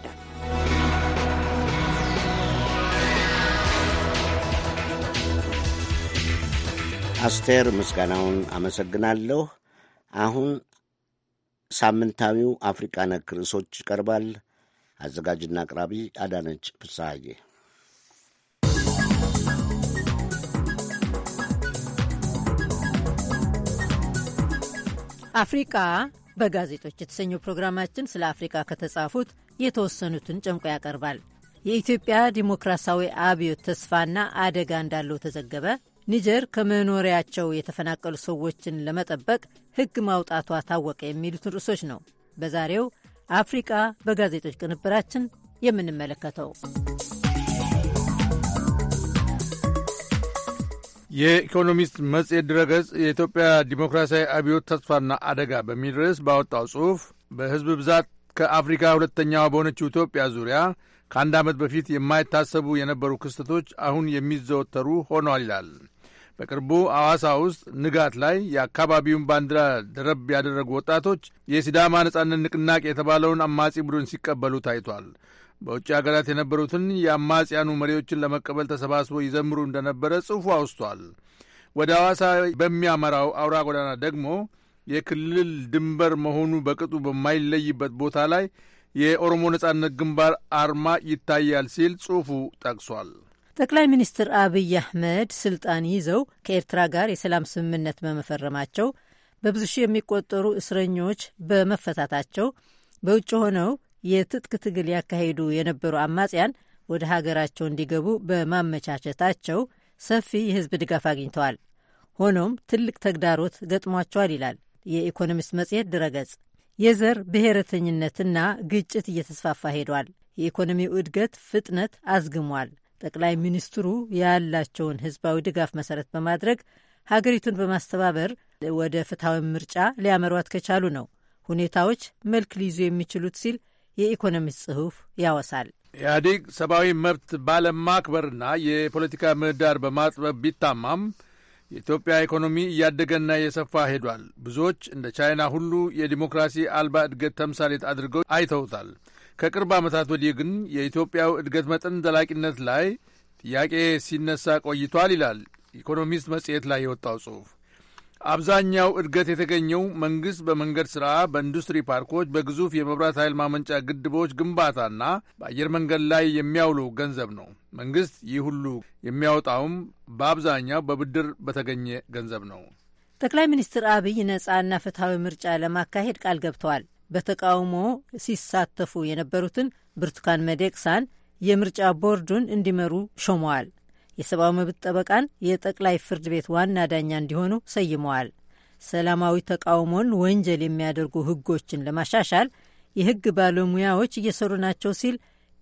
[SPEAKER 1] አስቴር ምስጋናውን አመሰግናለሁ። አሁን ሳምንታዊው አፍሪቃ ነክ ርዕሶች ይቀርባል። አዘጋጅና አቅራቢ አዳነች ፍስሐዬ።
[SPEAKER 19] አፍሪቃ በጋዜጦች የተሰኘው ፕሮግራማችን ስለ አፍሪቃ ከተጻፉት የተወሰኑትን ጨምቆ ያቀርባል። የኢትዮጵያ ዲሞክራሲያዊ አብዮት ተስፋና አደጋ እንዳለው ተዘገበ። ኒጀር ከመኖሪያቸው የተፈናቀሉ ሰዎችን ለመጠበቅ ሕግ ማውጣቷ ታወቀ የሚሉትን ርዕሶች ነው በዛሬው አፍሪቃ በጋዜጦች ቅንብራችን የምንመለከተው።
[SPEAKER 20] የኢኮኖሚስት መጽሔት ድረገጽ የኢትዮጵያ ዲሞክራሲያዊ አብዮት ተስፋና አደጋ በሚል ርዕስ ባወጣው ጽሑፍ በሕዝብ ብዛት ከአፍሪካ ሁለተኛዋ በሆነችው ኢትዮጵያ ዙሪያ ከአንድ ዓመት በፊት የማይታሰቡ የነበሩ ክስተቶች አሁን የሚዘወተሩ ሆኗል ይላል። በቅርቡ አዋሳ ውስጥ ንጋት ላይ የአካባቢውን ባንዲራ ደረብ ያደረጉ ወጣቶች የሲዳማ ነጻነት ንቅናቄ የተባለውን አማጺ ቡድን ሲቀበሉ ታይቷል። በውጭ ሀገራት የነበሩትን የአማጽያኑ መሪዎችን ለመቀበል ተሰባስቦ ይዘምሩ እንደነበረ ጽሑፉ አውስቷል። ወደ አዋሳ በሚያመራው አውራ ጎዳና ደግሞ የክልል ድንበር መሆኑ በቅጡ በማይለይበት ቦታ ላይ የኦሮሞ ነጻነት ግንባር አርማ ይታያል ሲል ጽሑፉ ጠቅሷል።
[SPEAKER 19] ጠቅላይ ሚኒስትር አብይ አህመድ ስልጣን ይዘው ከኤርትራ ጋር የሰላም ስምምነት በመፈረማቸው በብዙ ሺህ የሚቆጠሩ እስረኞች በመፈታታቸው በውጭ ሆነው የትጥቅ ትግል ያካሄዱ የነበሩ አማጽያን ወደ ሀገራቸው እንዲገቡ በማመቻቸታቸው ሰፊ የህዝብ ድጋፍ አግኝተዋል። ሆኖም ትልቅ ተግዳሮት ገጥሟቸዋል ይላል የኢኮኖሚስት መጽሔት ድረገጽ። የዘር ብሔረተኝነትና ግጭት እየተስፋፋ ሄዷል። የኢኮኖሚው እድገት ፍጥነት አዝግሟል። ጠቅላይ ሚኒስትሩ ያላቸውን ህዝባዊ ድጋፍ መሰረት በማድረግ ሀገሪቱን በማስተባበር ወደ ፍትሐዊ ምርጫ ሊያመሯት ከቻሉ ነው ሁኔታዎች መልክ ሊይዙ የሚችሉት ሲል የኢኮኖሚስት ጽሑፍ ያወሳል።
[SPEAKER 20] ኢህአዴግ ሰብአዊ መብት ባለማክበርና የፖለቲካ ምህዳር በማጥበብ ቢታማም የኢትዮጵያ ኢኮኖሚ እያደገና እየሰፋ ሄዷል። ብዙዎች እንደ ቻይና ሁሉ የዲሞክራሲ አልባ እድገት ተምሳሌት አድርገው አይተውታል። ከቅርብ ዓመታት ወዲህ ግን የኢትዮጵያው እድገት መጠን ዘላቂነት ላይ ጥያቄ ሲነሳ ቆይቷል ይላል ኢኮኖሚስት መጽሔት ላይ የወጣው ጽሑፍ። አብዛኛው እድገት የተገኘው መንግሥት በመንገድ ሥራ፣ በኢንዱስትሪ ፓርኮች፣ በግዙፍ የመብራት ኃይል ማመንጫ ግድቦች ግንባታና በአየር መንገድ ላይ የሚያውሉ ገንዘብ ነው። መንግሥት ይህ ሁሉ የሚያወጣውም በአብዛኛው በብድር በተገኘ ገንዘብ ነው።
[SPEAKER 19] ጠቅላይ ሚኒስትር አብይ ነጻና ፍትሐዊ ምርጫ ለማካሄድ ቃል ገብተዋል። በተቃውሞ ሲሳተፉ የነበሩትን ብርቱካን መደቅሳን የምርጫ ቦርዱን እንዲመሩ ሾመዋል። የሰብአዊ መብት ጠበቃን የጠቅላይ ፍርድ ቤት ዋና ዳኛ እንዲሆኑ ሰይመዋል። ሰላማዊ ተቃውሞን ወንጀል የሚያደርጉ ሕጎችን ለማሻሻል የሕግ ባለሙያዎች እየሰሩ ናቸው ሲል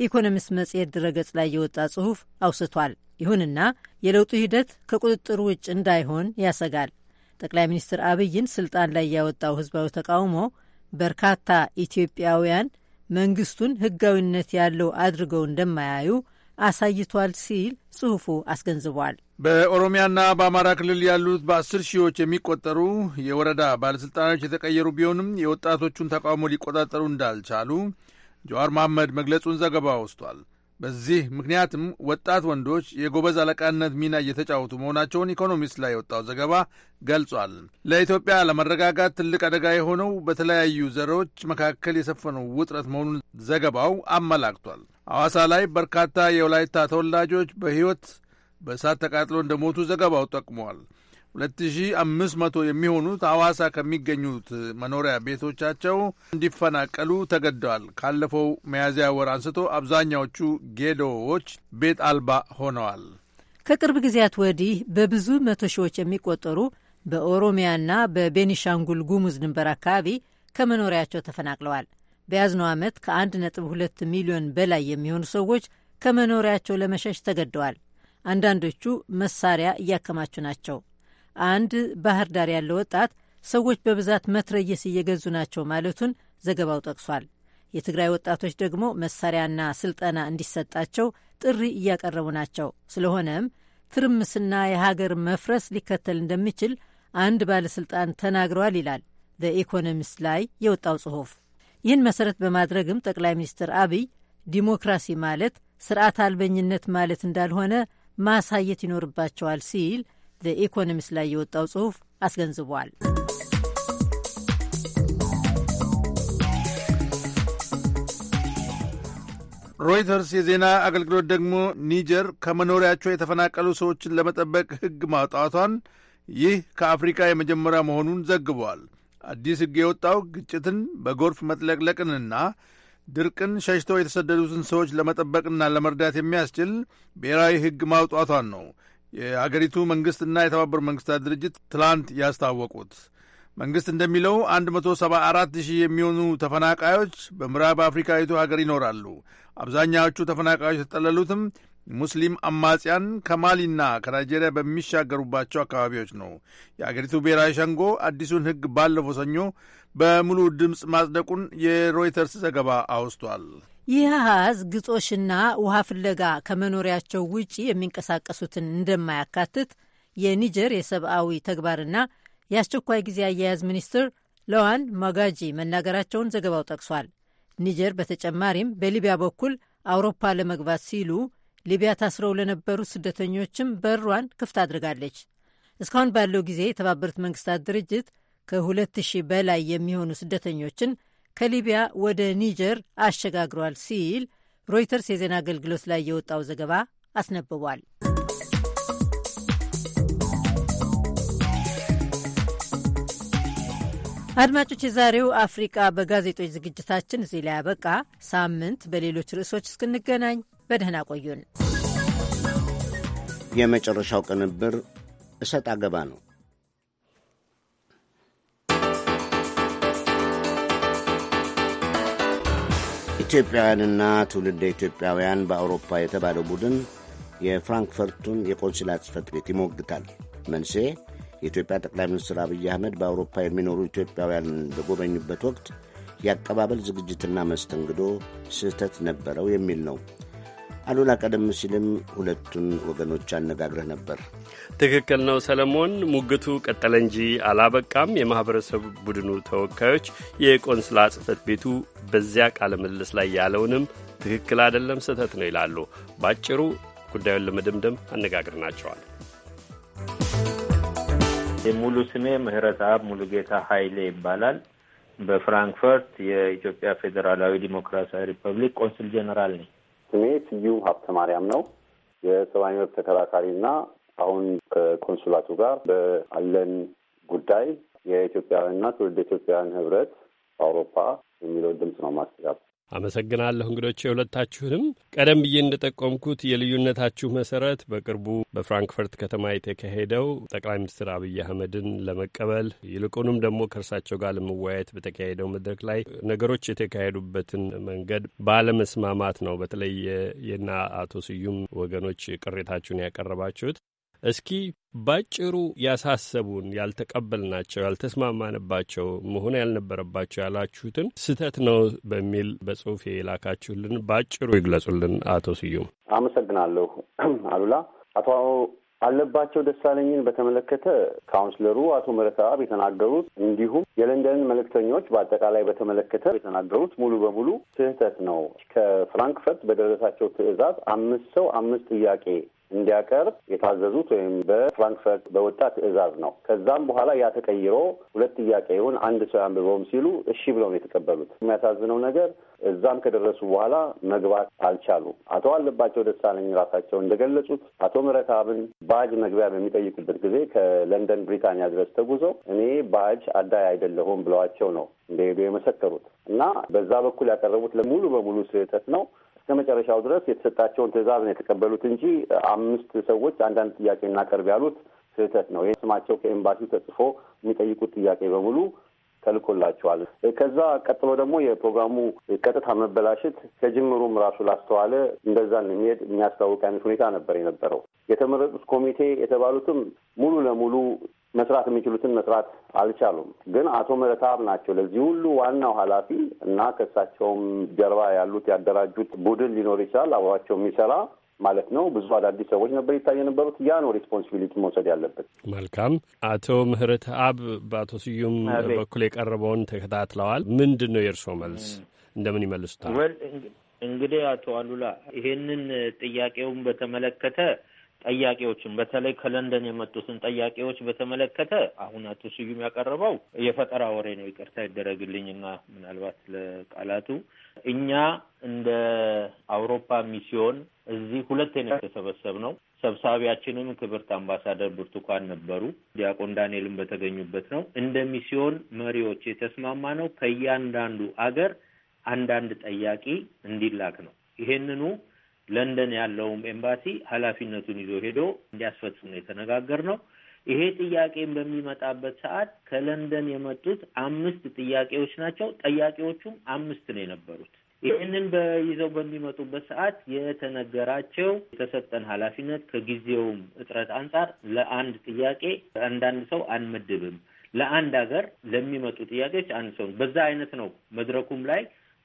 [SPEAKER 19] ኢኮኖሚስት መጽሔት ድረገጽ ላይ የወጣ ጽሑፍ አውስቷል። ይሁንና የለውጡ ሂደት ከቁጥጥር ውጭ እንዳይሆን ያሰጋል። ጠቅላይ ሚኒስትር አብይን ስልጣን ላይ ያወጣው ሕዝባዊ ተቃውሞ በርካታ ኢትዮጵያውያን መንግስቱን ህጋዊነት ያለው አድርገው እንደማያዩ አሳይቷል ሲል ጽሑፉ አስገንዝቧል።
[SPEAKER 20] በኦሮሚያና በአማራ ክልል ያሉት በአስር ሺዎች የሚቆጠሩ የወረዳ ባለሥልጣኖች የተቀየሩ ቢሆንም የወጣቶቹን ተቃውሞ ሊቆጣጠሩ እንዳልቻሉ ጀዋር መሐመድ መግለጹን ዘገባ ወስቷል። በዚህ ምክንያትም ወጣት ወንዶች የጎበዝ አለቃነት ሚና እየተጫወቱ መሆናቸውን ኢኮኖሚስት ላይ የወጣው ዘገባ ገልጿል። ለኢትዮጵያ ለመረጋጋት ትልቅ አደጋ የሆነው በተለያዩ ዘሮች መካከል የሰፈነው ውጥረት መሆኑን ዘገባው አመላክቷል። አዋሳ ላይ በርካታ የወላይታ ተወላጆች በሕይወት በእሳት ተቃጥሎ እንደሞቱ ዘገባው ጠቁመዋል። ሁለት ሺ አምስት መቶ የሚሆኑት ሐዋሳ ከሚገኙት መኖሪያ ቤቶቻቸው እንዲፈናቀሉ ተገደዋል። ካለፈው መያዝያ ወር አንስቶ አብዛኛዎቹ ጌዶዎች ቤት አልባ ሆነዋል።
[SPEAKER 19] ከቅርብ ጊዜያት ወዲህ በብዙ መቶ ሺዎች የሚቆጠሩ በኦሮሚያና በቤኒሻንጉል ጉሙዝ ድንበር አካባቢ ከመኖሪያቸው ተፈናቅለዋል። በያዝነው ዓመት ከ1.2 ሚሊዮን በላይ የሚሆኑ ሰዎች ከመኖሪያቸው ለመሸሽ ተገደዋል። አንዳንዶቹ መሳሪያ እያከማቹ ናቸው። አንድ ባህር ዳር ያለ ወጣት ሰዎች በብዛት መትረየስ እየገዙ ናቸው ማለቱን ዘገባው ጠቅሷል። የትግራይ ወጣቶች ደግሞ መሳሪያና ስልጠና እንዲሰጣቸው ጥሪ እያቀረቡ ናቸው። ስለሆነም ትርምስና የሀገር መፍረስ ሊከተል እንደሚችል አንድ ባለሥልጣን ተናግረዋል ይላል በኢኮኖሚስት ላይ የወጣው ጽሑፍ። ይህን መሰረት በማድረግም ጠቅላይ ሚኒስትር አብይ ዲሞክራሲ ማለት ስርዓት አልበኝነት ማለት እንዳልሆነ ማሳየት ይኖርባቸዋል ሲል ኢኮኖሚስት ላይ የወጣው ጽሁፍ አስገንዝቧል።
[SPEAKER 20] ሮይተርስ የዜና አገልግሎት ደግሞ ኒጀር ከመኖሪያቸው የተፈናቀሉ ሰዎችን ለመጠበቅ ሕግ ማውጣቷን ይህ ከአፍሪካ የመጀመሪያ መሆኑን ዘግቧል። አዲስ ሕግ የወጣው ግጭትን፣ በጎርፍ መጥለቅለቅንና ድርቅን ሸሽተው የተሰደዱትን ሰዎች ለመጠበቅና ለመርዳት የሚያስችል ብሔራዊ ሕግ ማውጣቷን ነው። የአገሪቱ መንግሥትና የተባበሩት መንግሥታት ድርጅት ትላንት ያስታወቁት መንግሥት እንደሚለው 174 ሺህ የሚሆኑ ተፈናቃዮች በምዕራብ አፍሪካዊቱ ሀገር ይኖራሉ። አብዛኛዎቹ ተፈናቃዮች የተጠለሉትም ሙስሊም አማጽያን ከማሊና ከናይጄሪያ በሚሻገሩባቸው አካባቢዎች ነው። የአገሪቱ ብሔራዊ ሸንጎ አዲሱን ሕግ ባለፈው ሰኞ በሙሉ ድምፅ ማጽደቁን የሮይተርስ ዘገባ አውስቷል።
[SPEAKER 19] ይህ አሃዝ ግጾሽና ውሃ ፍለጋ ከመኖሪያቸው ውጪ የሚንቀሳቀሱትን እንደማያካትት የኒጀር የሰብአዊ ተግባርና የአስቸኳይ ጊዜ አያያዝ ሚኒስትር ለዋን ማጋጂ መናገራቸውን ዘገባው ጠቅሷል። ኒጀር በተጨማሪም በሊቢያ በኩል አውሮፓ ለመግባት ሲሉ ሊቢያ ታስረው ለነበሩ ስደተኞችም በሯን ክፍት አድርጋለች። እስካሁን ባለው ጊዜ የተባበሩት መንግስታት ድርጅት ከ2000 በላይ የሚሆኑ ስደተኞችን ከሊቢያ ወደ ኒጀር አሸጋግሯል ሲል ሮይተርስ የዜና አገልግሎት ላይ የወጣው ዘገባ አስነብቧል። አድማጮች፣ የዛሬው አፍሪቃ በጋዜጦች ዝግጅታችን እዚህ ላይ ያበቃ። ሳምንት በሌሎች ርዕሶች እስክንገናኝ በደህና ቆዩን።
[SPEAKER 1] የመጨረሻው ቅንብር እሰጥ አገባ ነው። ኢትዮጵያውያንና ትውልደ ኢትዮጵያውያን በአውሮፓ የተባለው ቡድን የፍራንክፈርቱን የቆንስላ ጽፈት ቤት ይሞግታል። መንሴ የኢትዮጵያ ጠቅላይ ሚኒስትር አብይ አህመድ በአውሮፓ የሚኖሩ ኢትዮጵያውያን በጎበኙበት ወቅት የአቀባበል ዝግጅትና መስተንግዶ ስህተት ነበረው የሚል ነው። አሉላ ቀደም ሲልም ሁለቱን ወገኖች አነጋግረህ ነበር።
[SPEAKER 4] ትክክል ነው ሰለሞን። ሙግቱ ቀጠለ እንጂ አላበቃም። የማኅበረሰብ ቡድኑ ተወካዮች የቆንስላ ጽህፈት ቤቱ በዚያ ቃለ ምልልስ ላይ ያለውንም ትክክል አይደለም፣ ስህተት ነው ይላሉ። ባጭሩ ጉዳዩን ለመደምደም ናቸዋል። የሙሉ ስሜ ምህረት አብ ሙሉ
[SPEAKER 7] ጌታ ኃይሌ ይባላል። በፍራንክፈርት የኢትዮጵያ ፌዴራላዊ ዲሞክራሲያዊ ሪፐብሊክ ቆንስል ጀነራል ነኝ።
[SPEAKER 5] ስሜ ስዩም ሀብተ ማርያም ነው። የሰብአዊ መብት ተከራካሪና አሁን ከኮንሱላቱ ጋር በአለን ጉዳይ የኢትዮጵያውያንና ትውልድ ኢትዮጵያውያን ህብረት አውሮፓ የሚለውን ድምፅ ነው ማስተጋባ
[SPEAKER 4] አመሰግናለሁ እንግዶቼ የሁለታችሁንም። ቀደም ብዬ እንደጠቆምኩት የልዩነታችሁ መሰረት በቅርቡ በፍራንክፈርት ከተማ የተካሄደው ጠቅላይ ሚኒስትር አብይ አህመድን ለመቀበል ይልቁንም ደግሞ ከእርሳቸው ጋር ለመወያየት በተካሄደው መድረክ ላይ ነገሮች የተካሄዱበትን መንገድ ባለመስማማት ነው። በተለይ የና አቶ ስዩም ወገኖች ቅሬታችሁን ያቀረባችሁት እስኪ ባጭሩ ያሳሰቡን ያልተቀበልናቸው፣ ያልተስማማንባቸው መሆን ያልነበረባቸው ያላችሁትን ስህተት ነው በሚል በጽሁፍ የላካችሁልን ባጭሩ ይግለጹልን። አቶ ስዩም
[SPEAKER 5] አመሰግናለሁ። አሉላ አቶ አለባቸው ደሳለኝን በተመለከተ ካውንስለሩ አቶ ምህረት የተናገሩት እንዲሁም የለንደንን መልእክተኞች በአጠቃላይ በተመለከተ የተናገሩት ሙሉ በሙሉ ስህተት ነው። ከፍራንክፈርት በደረሳቸው ትዕዛዝ አምስት ሰው አምስት ጥያቄ እንዲያቀርብ የታዘዙት ወይም በፍራንክፈርት በወጣ ትዕዛዝ ነው። ከዛም በኋላ ያ ተቀይሮ ሁለት ጥያቄ ይሁን አንድ ሰው ያንብበውም ሲሉ እሺ ብለው ነው የተቀበሉት። የሚያሳዝነው ነገር እዛም ከደረሱ በኋላ መግባት አልቻሉ። አቶ አለባቸው ደሳለኝ ራሳቸው እንደገለጹት አቶ ምረታብን ባጅ መግቢያ በሚጠይቁበት ጊዜ ከለንደን ብሪታንያ ድረስ ተጉዘው እኔ ባጅ አዳይ አይደለሁም ብለዋቸው ነው እንደሄዱ የመሰከሩት እና በዛ በኩል ያቀረቡት ለሙሉ በሙሉ ስህተት ነው። እስከ መጨረሻው ድረስ የተሰጣቸውን ትዕዛዝ ነው የተቀበሉት እንጂ አምስት ሰዎች አንዳንድ ጥያቄ እናቀርብ ያሉት ስህተት ነው። ይህ ስማቸው ከኤምባሲው ተጽፎ የሚጠይቁት ጥያቄ በሙሉ ተልኮላቸዋል። ከዛ ቀጥሎ ደግሞ የፕሮግራሙ ቀጥታ መበላሸት ከጅምሩም ራሱ ላስተዋለ እንደዛ የሚሄድ የሚያስታውቅ አይነት ሁኔታ ነበር የነበረው። የተመረጡት ኮሚቴ የተባሉትም ሙሉ ለሙሉ መስራት የሚችሉትን መስራት አልቻሉም። ግን አቶ ምረታብ ናቸው ለዚህ ሁሉ ዋናው ኃላፊ እና ከእሳቸውም ጀርባ ያሉት ያደራጁት ቡድን ሊኖር ይችላል አብሯቸው የሚሰራ ማለት ነው። ብዙ አዳዲስ ሰዎች ነበር ይታይ የነበሩት። ያ ነው ሬስፖንሲቢሊቲ መውሰድ ያለበት።
[SPEAKER 4] መልካም አቶ ምህረት አብ በአቶ ስዩም በኩል የቀረበውን ተከታትለዋል። ምንድን ነው የእርስዎ መልስ? እንደምን ይመልሱታል? ወል
[SPEAKER 7] እንግዲህ አቶ አሉላ ይሄንን ጥያቄውን በተመለከተ ጠያቂዎችን በተለይ ከለንደን የመጡትን ጠያቂዎች በተመለከተ አሁን አቶ ስዩም ያቀረበው የፈጠራ ወሬ ነው። ይቅርታ ይደረግልኝና ምናልባት ለቃላቱ እኛ እንደ አውሮፓ ሚስዮን እዚህ ሁለቴ ነው የተሰበሰብነው። ሰብሳቢያችንም ክብርት አምባሳደር ብርቱካን ነበሩ። ዲያቆን ዳንኤልም በተገኙበት ነው። እንደ ሚስዮን መሪዎች የተስማማ ነው ከእያንዳንዱ አገር አንዳንድ ጠያቂ እንዲላክ ነው። ይሄንኑ ለንደን ያለውም ኤምባሲ ኃላፊነቱን ይዞ ሄዶ እንዲያስፈጽም ነው ነው። ይሄ ጥያቄን በሚመጣበት ሰዓት ከለንደን የመጡት አምስት ጥያቄዎች ናቸው። ጠያቂዎቹም አምስት ነው የነበሩት። ይህንን በይዘው በሚመጡበት ሰዓት የተነገራቸው የተሰጠን ኃላፊነት ከጊዜውም እጥረት አንጻር ለአንድ ጥያቄ አንዳንድ ሰው አንመድብም፣ ለአንድ ሀገር ለሚመጡ ጥያቄዎች አንድ ሰው በዛ አይነት ነው። መድረኩም ላይ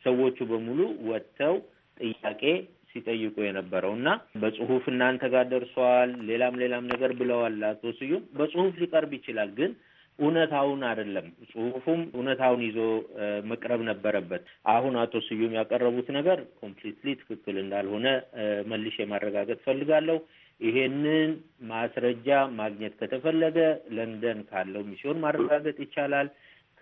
[SPEAKER 7] ሰዎቹ በሙሉ ወጥተው ጥያቄ ሲጠይቁ የነበረው እና በጽሁፍ እናንተ ጋር ደርሷል፣ ሌላም ሌላም ነገር ብለዋል አቶ ስዩም። በጽሁፍ ሊቀርብ ይችላል ግን እውነታውን አይደለም። ጽሁፉም እውነታውን ይዞ መቅረብ ነበረበት። አሁን አቶ ስዩም ያቀረቡት ነገር ኮምፕሊትሊ ትክክል እንዳልሆነ መልሼ ማረጋገጥ ፈልጋለሁ። ይሄንን ማስረጃ ማግኘት ከተፈለገ ለንደን ካለው ሚስዮን ማረጋገጥ ይቻላል።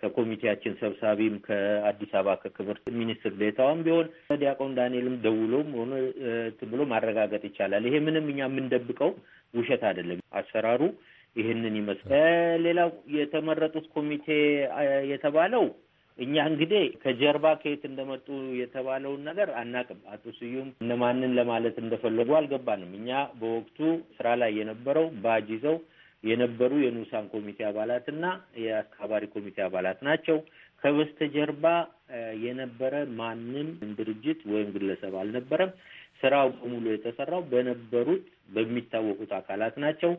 [SPEAKER 7] ከኮሚቴያችን ሰብሳቢም ከአዲስ አበባ ከክብር ሚኒስትር ዴታዋም ቢሆን ዲያቆን ዳንኤልም ደውሎም ሆነ ብሎ ማረጋገጥ ይቻላል። ይሄ ምንም እኛ የምንደብቀው ውሸት አይደለም። አሰራሩ ይህንን ይመስላል። ሌላው የተመረጡት ኮሚቴ የተባለው እኛ እንግዲህ ከጀርባ ከየት እንደመጡ የተባለውን ነገር አናቅም። አቶ ስዩም እነማንን ለማለት እንደፈለጉ አልገባንም። እኛ በወቅቱ ስራ ላይ የነበረው ባጅ ይዘው የነበሩ የንዑሳን ኮሚቴ አባላት እና የአስተባባሪ ኮሚቴ አባላት ናቸው። ከበስተጀርባ የነበረ ማንም ድርጅት ወይም ግለሰብ አልነበረም። ስራው በሙሉ የተሰራው በነበሩት በሚታወቁት አካላት ናቸው።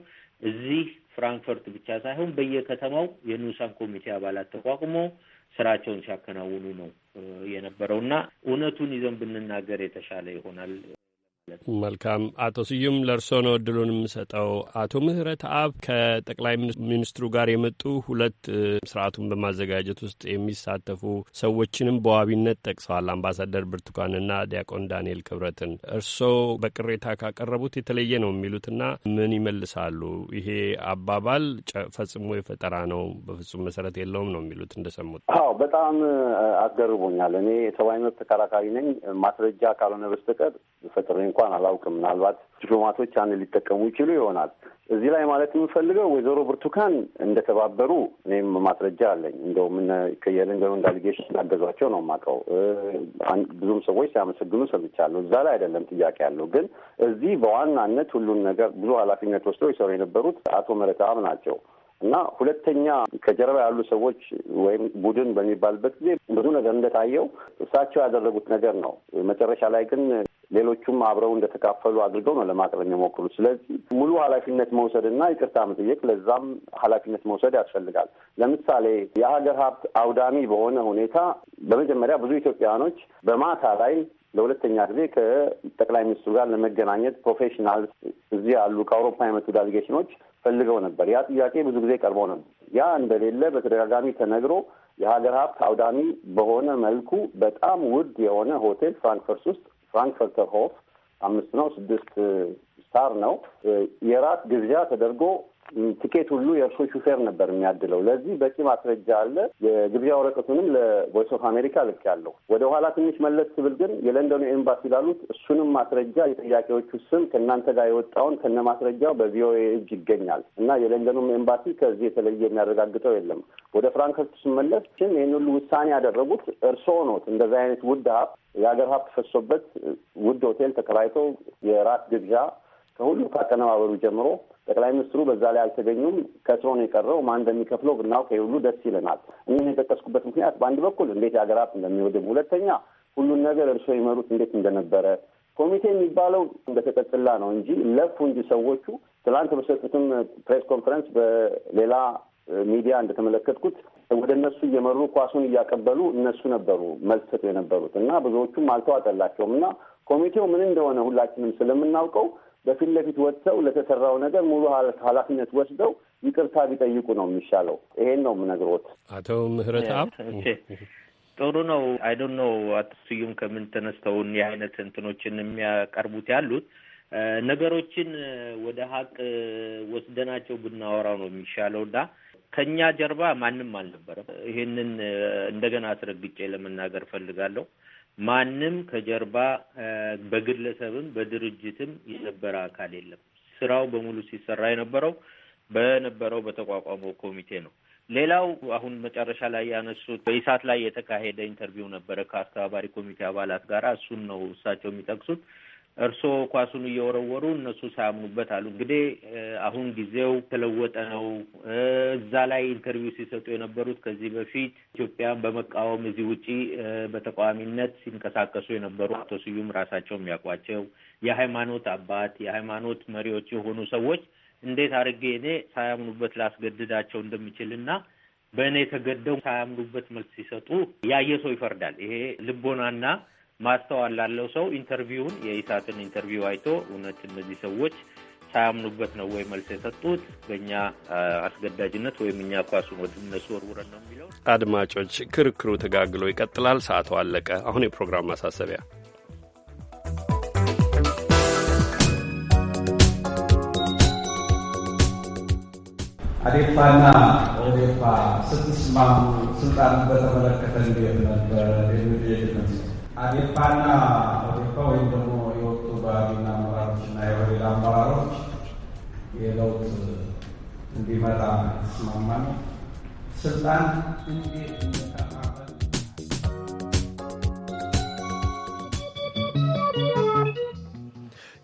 [SPEAKER 7] እዚህ ፍራንክፈርት ብቻ ሳይሆን በየከተማው የንዑሳን ኮሚቴ አባላት ተቋቁሞ ስራቸውን ሲያከናውኑ ነው የነበረው እና እውነቱን ይዘን ብንናገር የተሻለ ይሆናል
[SPEAKER 4] መልካም አቶ ስዩም ለእርሶ ነው እድሉን የምሰጠው። አቶ ምህረት አብ ከጠቅላይ ሚኒስትሩ ጋር የመጡ ሁለት ስርዓቱን በማዘጋጀት ውስጥ የሚሳተፉ ሰዎችንም በዋቢነት ጠቅሰዋል። አምባሳደር ብርቱካንና ዲያቆን ዳንኤል ክብረትን እርሶ በቅሬታ ካቀረቡት የተለየ ነው የሚሉትና ምን ይመልሳሉ? ይሄ አባባል ፈጽሞ የፈጠራ ነው፣ በፍጹም መሰረት የለውም ነው የሚሉት እንደሰሙት?
[SPEAKER 5] አዎ በጣም አስገርቦኛል። እኔ የሰብአዊ መብት ተከራካሪ ነኝ። ማስረጃ ካልሆነ በስተቀር ፈጥሬ እንኳን አላውቅም። ምናልባት ዲፕሎማቶች አንድ ሊጠቀሙ ይችሉ ይሆናል። እዚህ ላይ ማለት የምፈልገው ወይዘሮ ብርቱካን እንደተባበሩ እኔም ማስረጃ አለኝ። እንደውም እነ ከየልን ያገዟቸው ነው የማውቀው። ብዙም ሰዎች ሲያመሰግኑ ሰምቻለሁ። እዛ ላይ አይደለም ጥያቄ ያለው። ግን እዚህ በዋናነት ሁሉን ነገር ብዙ ኃላፊነት ወስደው ይሰሩ የነበሩት አቶ መረታም ናቸው። እና ሁለተኛ ከጀርባ ያሉ ሰዎች ወይም ቡድን በሚባልበት ጊዜ ብዙ ነገር እንደታየው እሳቸው ያደረጉት ነገር ነው። መጨረሻ ላይ ግን ሌሎቹም አብረው እንደተካፈሉ አድርገው ነው ለማቅረብ የሚሞክሩት። ስለዚህ ሙሉ ኃላፊነት መውሰድና ይቅርታ መጠየቅ ለዛም ኃላፊነት መውሰድ ያስፈልጋል። ለምሳሌ የሀገር ሀብት አውዳሚ በሆነ ሁኔታ በመጀመሪያ ብዙ ኢትዮጵያውያኖች በማታ ላይ ለሁለተኛ ጊዜ ከጠቅላይ ሚኒስትሩ ጋር ለመገናኘት ፕሮፌሽናል እዚህ ያሉ ከአውሮፓ የመጡ ዳሊጌሽኖች ፈልገው ነበር። ያ ጥያቄ ብዙ ጊዜ ቀርቦ ነበር። ያ እንደሌለ በተደጋጋሚ ተነግሮ የሀገር ሀብት አውዳሚ በሆነ መልኩ በጣም ውድ የሆነ ሆቴል ፍራንክፈርት ውስጥ ፍራንክፈርተር ሆፍ አምስት ነው ስድስት ስታር ነው የራት ግብዣ ተደርጎ ቲኬት ሁሉ የእርሶ ሹፌር ነበር የሚያድለው። ለዚህ በቂ ማስረጃ አለ። የግብዣ ወረቀቱንም ለቮይስ ኦፍ አሜሪካ ልክ ያለው ወደ ኋላ ትንሽ መለስ ስብል ግን የለንደኑ ኤምባሲ ላሉት እሱንም ማስረጃ የጥያቄዎቹ ስም ከእናንተ ጋር የወጣውን ከነ ማስረጃው በቪኦኤ እጅ ይገኛል እና የለንደኑም ኤምባሲ ከዚህ የተለየ የሚያረጋግጠው የለም። ወደ ፍራንክፈርት ስመለስ ግን ይህን ሁሉ ውሳኔ ያደረጉት እርስዎ ኖት። እንደዚህ አይነት ውድ ሀብት የሀገር ሀብት ፈሶበት ውድ ሆቴል ተከራይቶ የራት ግብዣ ከሁሉም ካቀነባበሩ ጀምሮ ጠቅላይ ሚኒስትሩ በዛ ላይ አልተገኙም። ከስሮ ነው የቀረው። ማን እንደሚከፍለው ብናውቅ ሁሉ ደስ ይለናል። እኒህን የጠቀስኩበት ምክንያት በአንድ በኩል እንዴት የሀገራት እንደሚወድም፣ ሁለተኛ ሁሉን ነገር እርሾ ይመሩት እንዴት እንደነበረ ኮሚቴ የሚባለው እንደተቀጥላ ነው እንጂ ለፉ እንጂ ሰዎቹ ትላንት በሰጡትም ፕሬስ ኮንፈረንስ በሌላ ሚዲያ እንደተመለከትኩት ወደ እነሱ እየመሩ ኳሱን እያቀበሉ እነሱ ነበሩ መልሰጡ የነበሩት እና ብዙዎቹም አልተዋጠላቸውም እና ኮሚቴው ምን እንደሆነ ሁላችንም ስለምናውቀው በፊት ለፊት ወጥተው ለተሰራው ነገር ሙሉ ኃላፊነት ወስደው ይቅርታ ቢጠይቁ ነው የሚሻለው። ይሄን ነው የምነግሮት።
[SPEAKER 4] አቶ ምህረተአብ
[SPEAKER 7] ጥሩ ነው። አይዶን ነው አቶ ስዩም ከምን ተነስተውን የአይነት እንትኖችን የሚያቀርቡት ያሉት ነገሮችን ወደ ሀቅ ወስደናቸው ብናወራው ነው የሚሻለው እና ከእኛ ጀርባ ማንም አልነበረም። ይሄንን እንደገና አስረግጬ ለመናገር ፈልጋለሁ። ማንም ከጀርባ በግለሰብም በድርጅትም የነበረ አካል የለም። ስራው በሙሉ ሲሰራ የነበረው በነበረው በተቋቋመው ኮሚቴ ነው። ሌላው አሁን መጨረሻ ላይ ያነሱት በኢሳት ላይ የተካሄደ ኢንተርቪው ነበረ ከአስተባባሪ ኮሚቴ አባላት ጋር። እሱን ነው እሳቸው የሚጠቅሱት። እርስዎ ኳሱን እየወረወሩ እነሱ ሳያምኑበት አሉ። እንግዲህ አሁን ጊዜው ተለወጠ ነው። እዛ ላይ ኢንተርቪው ሲሰጡ የነበሩት ከዚህ በፊት ኢትዮጵያን በመቃወም እዚህ ውጪ በተቃዋሚነት ሲንቀሳቀሱ የነበሩ አቶ ስዩም ራሳቸው የሚያውቋቸው የሃይማኖት አባት የሃይማኖት መሪዎች የሆኑ ሰዎች እንዴት አድርጌ እኔ ሳያምኑበት ላስገድዳቸው እንደምችልና በእኔ የተገደው ሳያምኑበት መልስ ሲሰጡ ያየ ሰው ይፈርዳል። ይሄ ልቦናና ማስተዋል ላለው ሰው ኢንተርቪውን የኢሳትን ኢንተርቪው አይቶ እውነት እነዚህ ሰዎች ሳያምኑበት ነው ወይ መልስ የሰጡት በእኛ አስገዳጅነት ወይም እኛ ኳሱን ወደ እነሱ ወርውረን ነው የሚለው።
[SPEAKER 4] አድማጮች፣ ክርክሩ ተጋግሎ ይቀጥላል። ሰዓቱ አለቀ። አሁን የፕሮግራም ማሳሰቢያ
[SPEAKER 8] አዴፓና ኦዴፓ ስትስማሙ ስልጣን በተመለከተ እንዴት ነበር? አዴፓና ኦዴፓ ወይም ደግሞ አመራሮች እና የወሌላ አመራሮች የለውጥ እንዲመጣ ነው ስልጣን
[SPEAKER 9] እንዴት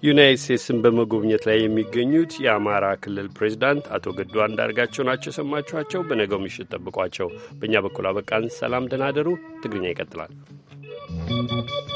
[SPEAKER 4] ዩናይት ስቴትስን በመጎብኘት ላይ የሚገኙት የአማራ ክልል ፕሬዚዳንት አቶ ገዱ አንዳርጋቸው ናቸው የሰማችኋቸው። በነገው ምሽት ጠብቋቸው። በእኛ በኩል አበቃን። ሰላም፣ ደህና ደሩ። ትግርኛ ይቀጥላል።
[SPEAKER 9] Thank you.